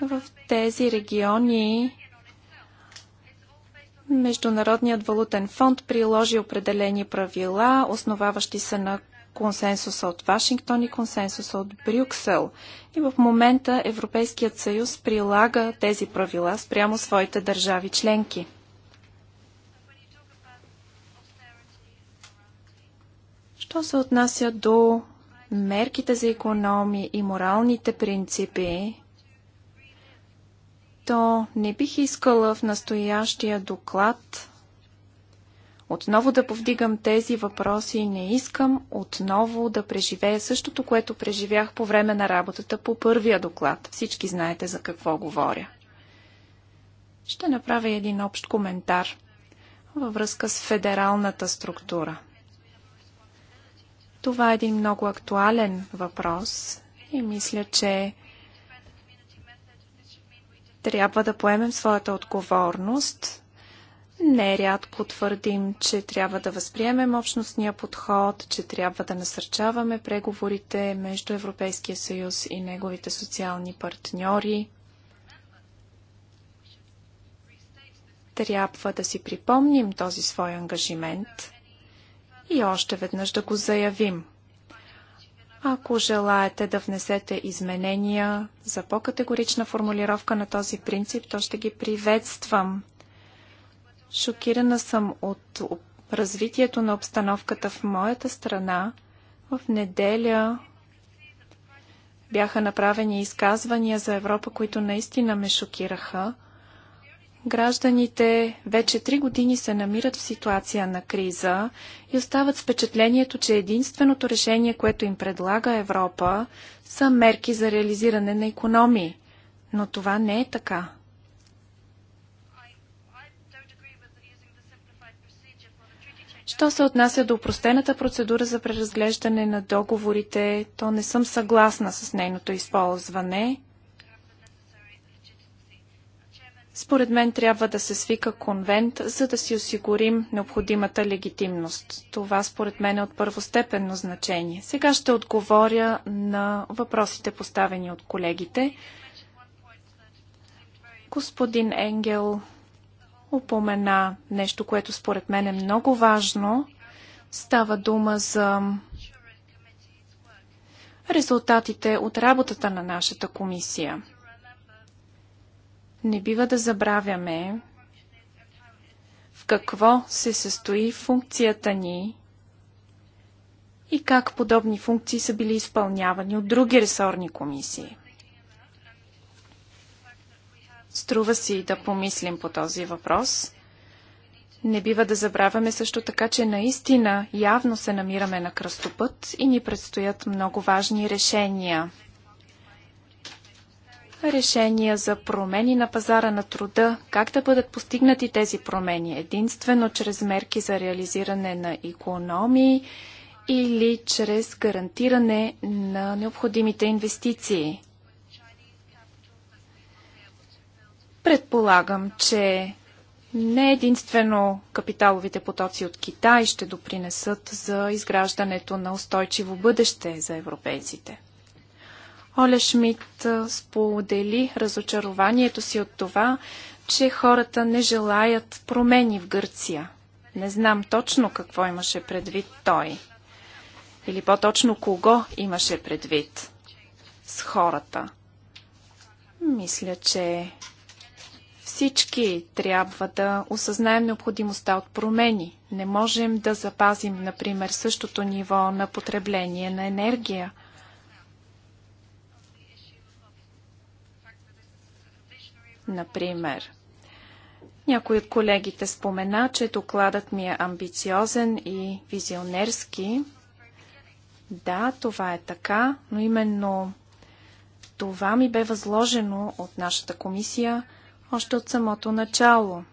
Speaker 3: в тези региони Международният валутен фонд приложи определени правила, основаващи се на консенсуса от Вашингтон и консенсуса от Брюксел. И в момента Европейският съюз прилага тези правила спрямо своите държави членки. Що се отнася до мерките за економи и моралните принципи, то не бих искала в настоящия доклад отново да повдигам тези въпроси и не искам отново да преживея същото, което преживях по време на работата по първия доклад. Всички знаете за какво говоря. Ще направя един общ коментар във връзка с федералната структура. Това е един много актуален въпрос и мисля, че трябва да поемем своята отговорност. Нерядко твърдим, че трябва да възприемем общностния подход, че трябва да насърчаваме преговорите между Европейския съюз и неговите социални партньори. Трябва да си припомним този свой ангажимент и още веднъж да го заявим – ако желаете да внесете изменения за по-категорична формулировка на този принцип, то ще ги приветствам. Шокирана съм от развитието на обстановката в моята страна. В неделя бяха направени изказвания за Европа, които наистина ме шокираха. Гражданите вече три години се намират в ситуация на криза и остават с впечатлението, че единственото решение, което им предлага Европа, са мерки за реализиране на економии. Но това не е така. Що се отнася до упростената процедура за преразглеждане на договорите, то не съм съгласна с нейното използване – според мен трябва да се свика конвент, за да си осигурим необходимата легитимност. Това според мен е от първостепенно значение. Сега ще отговоря на въпросите поставени от колегите. Господин Енгел упомена нещо, което според мен е много важно. Става дума за резултатите от работата на нашата комисия. Не бива да забравяме в какво се състои функцията ни и как подобни функции са били изпълнявани от други ресорни комисии. Струва си да помислим по този въпрос. Не бива да забравяме също така, че наистина явно се намираме на кръстопът и ни предстоят много важни решения – решения за промени на пазара на труда, как да бъдат постигнати тези промени? Единствено чрез мерки за реализиране на економии или чрез гарантиране на необходимите инвестиции? Предполагам, че не единствено капиталовите потоци от Китай ще допринесат за изграждането на устойчиво бъдеще за европейците. Оля Шмидт сподели разочарованието си от това, че хората не желаят промени в Гърция. Не знам точно какво имаше предвид той. Или по-точно кого имаше предвид с хората. Мисля, че всички трябва да осъзнаем необходимостта от промени. Не можем да запазим, например, същото ниво на потребление на енергия – например. Някой от колегите спомена, че докладът ми е амбициозен и визионерски. Да, това е така, но именно това ми бе възложено от нашата комисия още от самото начало.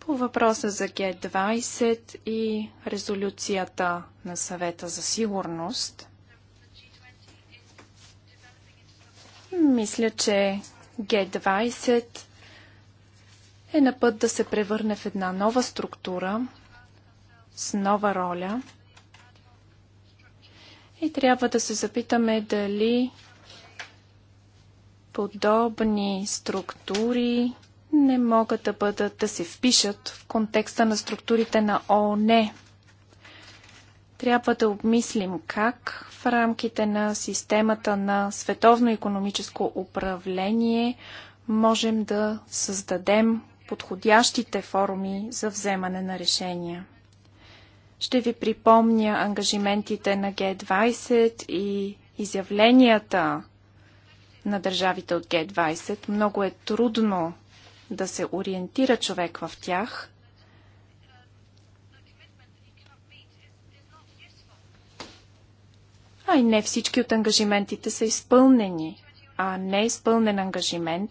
Speaker 3: По въпроса за Г20 и резолюцията на съвета за сигурност – Мисля, че Г20 е на път да се превърне в една нова структура с нова роля. И трябва да се запитаме дали подобни структури не могат да бъдат да се впишат в контекста на структурите на ООН трябва да обмислим как в рамките на системата на световно економическо управление можем да създадем подходящите форуми за вземане на решения. Ще ви припомня ангажиментите на Г20 и изявленията на държавите от Г20. Много е трудно да се ориентира човек в тях, а и не всички от ангажиментите са изпълнени. А не изпълнен ангажимент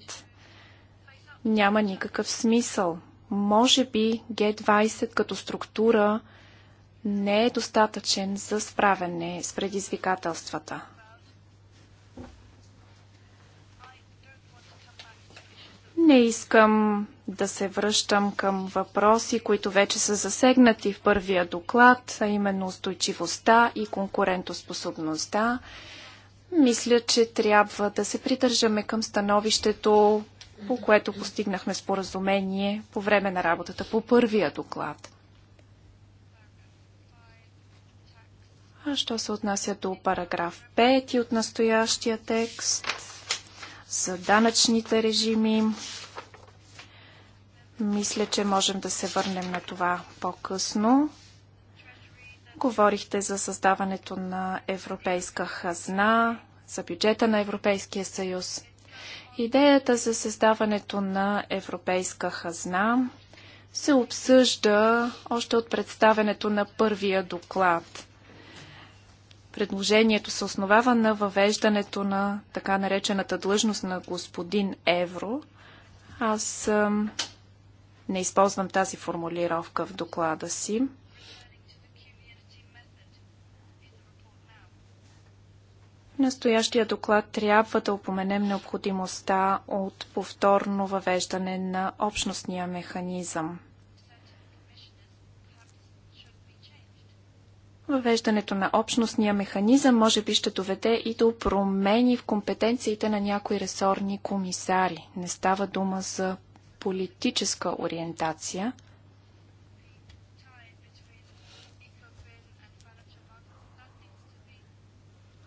Speaker 3: няма никакъв смисъл. Може би G20 като структура не е достатъчен за справяне с предизвикателствата. Не искам да се връщам към въпроси, които вече са засегнати в първия доклад, а именно устойчивостта и конкурентоспособността. Мисля, че трябва да се придържаме към становището, по което постигнахме споразумение по време на работата по първия доклад. А що се отнася до параграф 5 от настоящия текст – за данъчните режими. Мисля, че можем да се върнем на това по-късно. Говорихте за създаването на европейска хазна, за бюджета на Европейския съюз. Идеята за създаването на европейска хазна се обсъжда още от представенето на първия доклад. Предложението се основава на въвеждането на така наречената длъжност на господин Евро. Аз не използвам тази формулировка в доклада си. настоящия доклад трябва да упоменем необходимостта от повторно въвеждане на общностния механизъм. Въвеждането на общностния механизъм може би ще доведе и до промени в компетенциите на някои ресорни комисари. Не става дума за политическа ориентация.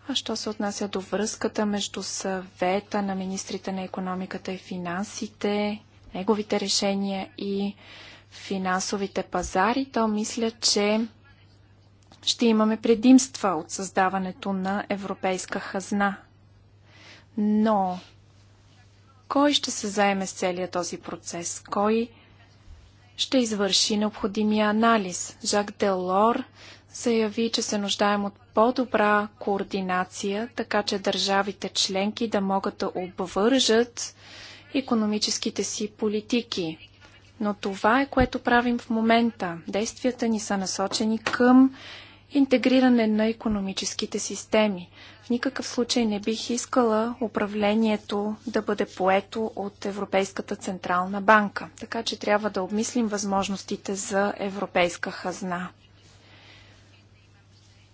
Speaker 3: А що се отнася до връзката между съвета на министрите на економиката и финансите, неговите решения и финансовите пазари, то мисля, че ще имаме предимства от създаването на европейска хазна. Но кой ще се заеме с целия този процес? Кой ще извърши необходимия анализ? Жак Делор заяви, че се нуждаем от по-добра координация, така че държавите членки да могат да обвържат економическите си политики. Но това е което правим в момента. Действията ни са насочени към интегриране на економическите системи. В никакъв случай не бих искала управлението да бъде поето от Европейската Централна банка, така че трябва да обмислим възможностите за европейска хазна.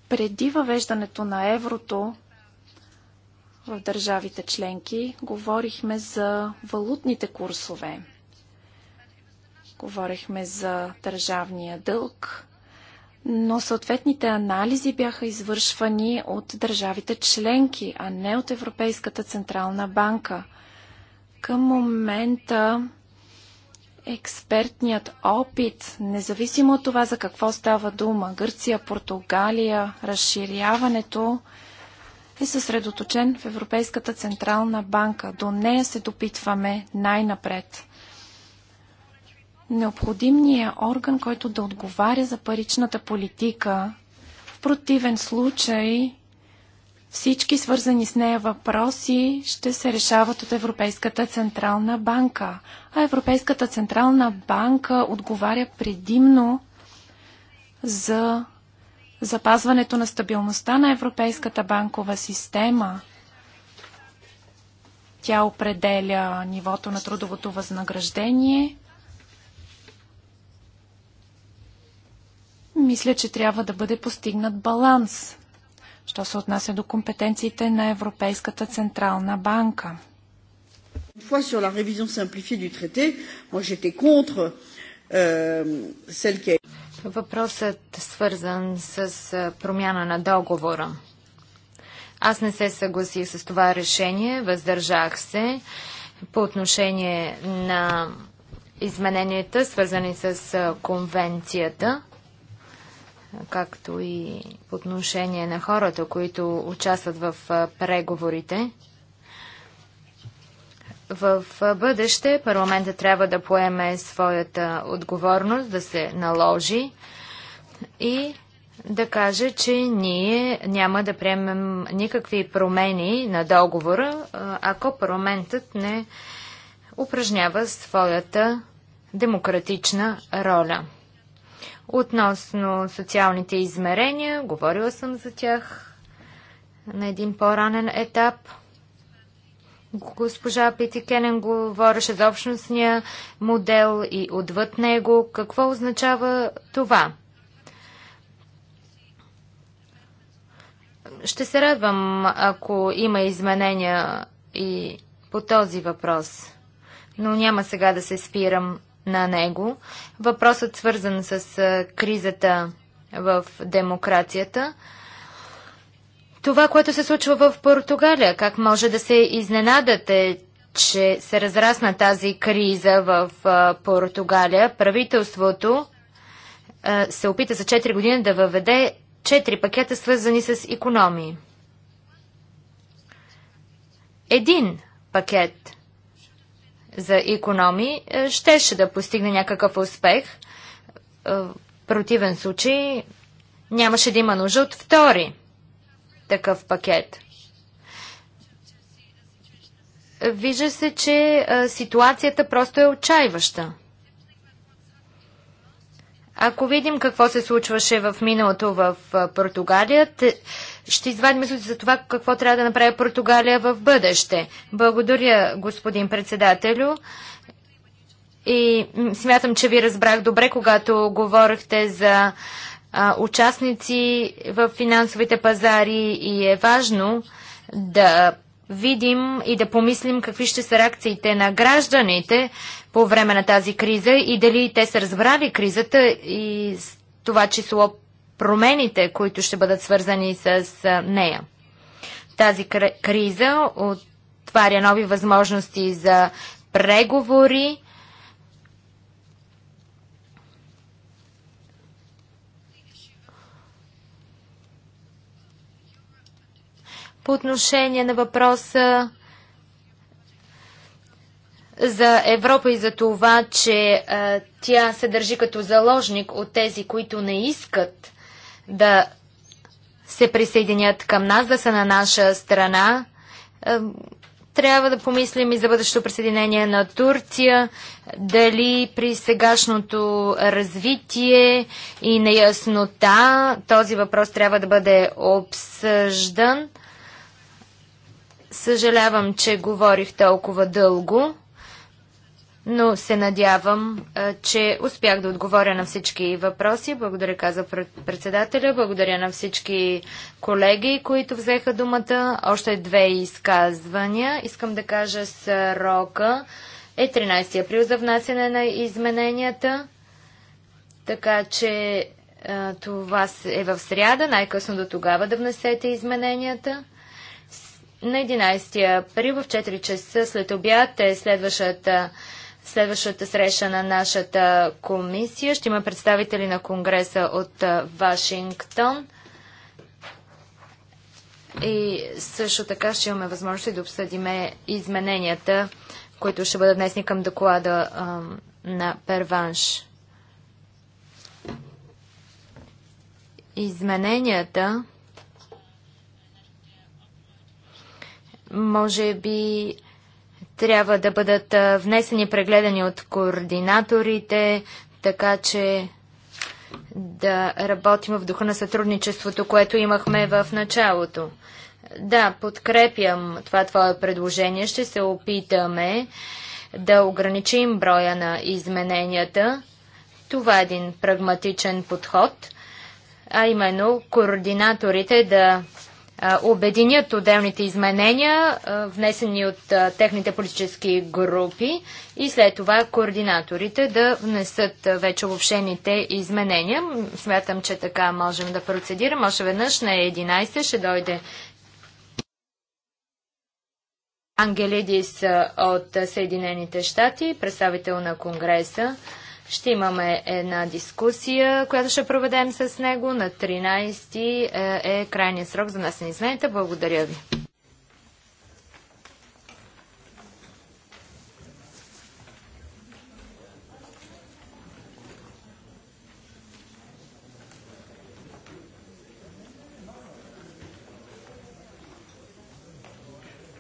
Speaker 3: Преди въвеждането на еврото в държавите членки говорихме за валутните курсове. Говорихме за държавния дълг, но съответните анализи бяха извършвани от държавите членки, а не от Европейската Централна банка. Към момента експертният опит, независимо от това за какво става дума, Гърция, Португалия, разширяването, е съсредоточен в Европейската Централна банка. До нея се допитваме най-напред необходимия орган, който да отговаря за паричната политика. В противен случай всички свързани с нея въпроси ще се решават от Европейската Централна банка. А Европейската Централна банка отговаря предимно за запазването на стабилността на Европейската банкова система. Тя определя нивото на трудовото възнаграждение, Мисля, че трябва да бъде постигнат баланс, що се отнася до компетенциите на Европейската централна банка.
Speaker 2: Une fois sur la révision simplifiée du traité, moi j'étais contre euh, Въпросът свързан с промяна на договора. Аз не се съгласих с това решение, въздържах се по отношение на измененията, свързани с конвенцията както и по отношение на хората, които участват в преговорите. В бъдеще парламента трябва да поеме своята отговорност, да се наложи и да каже, че ние няма да приемем никакви промени на договора, ако парламентът не упражнява своята демократична роля. Относно социалните измерения, говорила съм за тях на един по-ранен етап. Госпожа Кенен говореше за общностния модел и отвъд него. Какво означава това? Ще се радвам, ако има изменения и по този въпрос, но няма сега да се спирам на него. Въпросът свързан с кризата в демокрацията. Това, което се случва в Португалия, как може да се изненадате, че се разрасна тази криза в Португалия. Правителството се опита за 4 години да въведе 4 пакета, свързани с економии. Един пакет за економи, е, щеше да постигне някакъв успех. Е, в противен случай нямаше да има нужда от втори такъв пакет. Вижда се, че е, ситуацията просто е отчаиваща. Ако видим какво се случваше в миналото в Португалия, ще извадим изводи за това какво трябва да направи Португалия в бъдеще. Благодаря, господин председателю. И смятам, че ви разбрах добре, когато говорихте за а, участници в финансовите пазари и е важно да видим и да помислим какви ще са реакциите на гражданите по време на тази криза и дали те са разбрали кризата и това число промените, които ще бъдат свързани с нея. Тази криза отваря нови възможности за преговори. По отношение на въпроса за Европа и за това, че а, тя се държи като заложник от тези, които не искат да се присъединят към нас, да са на наша страна. Е, трябва да помислим и за бъдещето присъединение на Турция, дали при сегашното развитие и неяснота този въпрос трябва да бъде обсъждан. Съжалявам, че говорих толкова дълго но се надявам, че успях да отговоря на всички въпроси. Благодаря, каза председателя. Благодаря на всички колеги, които взеха думата. Още две изказвания. Искам да кажа срока е 13 април за внасяне на измененията. Така че това е в сряда, най-късно до тогава да внесете измененията. На 11 април в 4 часа след обяд е следващата Следващата среща на нашата комисия ще има представители на Конгреса от Вашингтон. И също така ще имаме възможност да обсъдим измененията, които ще бъдат днесни към доклада а, на Перванш. Измененията може би трябва да бъдат внесени прегледани от координаторите, така че да работим в духа на сътрудничеството, което имахме в началото. Да, подкрепям това твое предложение. Ще се опитаме да ограничим броя на измененията. Това е един прагматичен подход, а именно координаторите да обединят отделните изменения, внесени от техните политически групи и след това координаторите да внесат вече обобщените изменения. Смятам, че така можем да процедирам. Още веднъж на 11 ще дойде Ангелидис от Съединените щати, представител на Конгреса. Ще имаме една дискусия, която ще проведем с него. На 13 е, е крайния срок за нас на измените. Благодаря ви.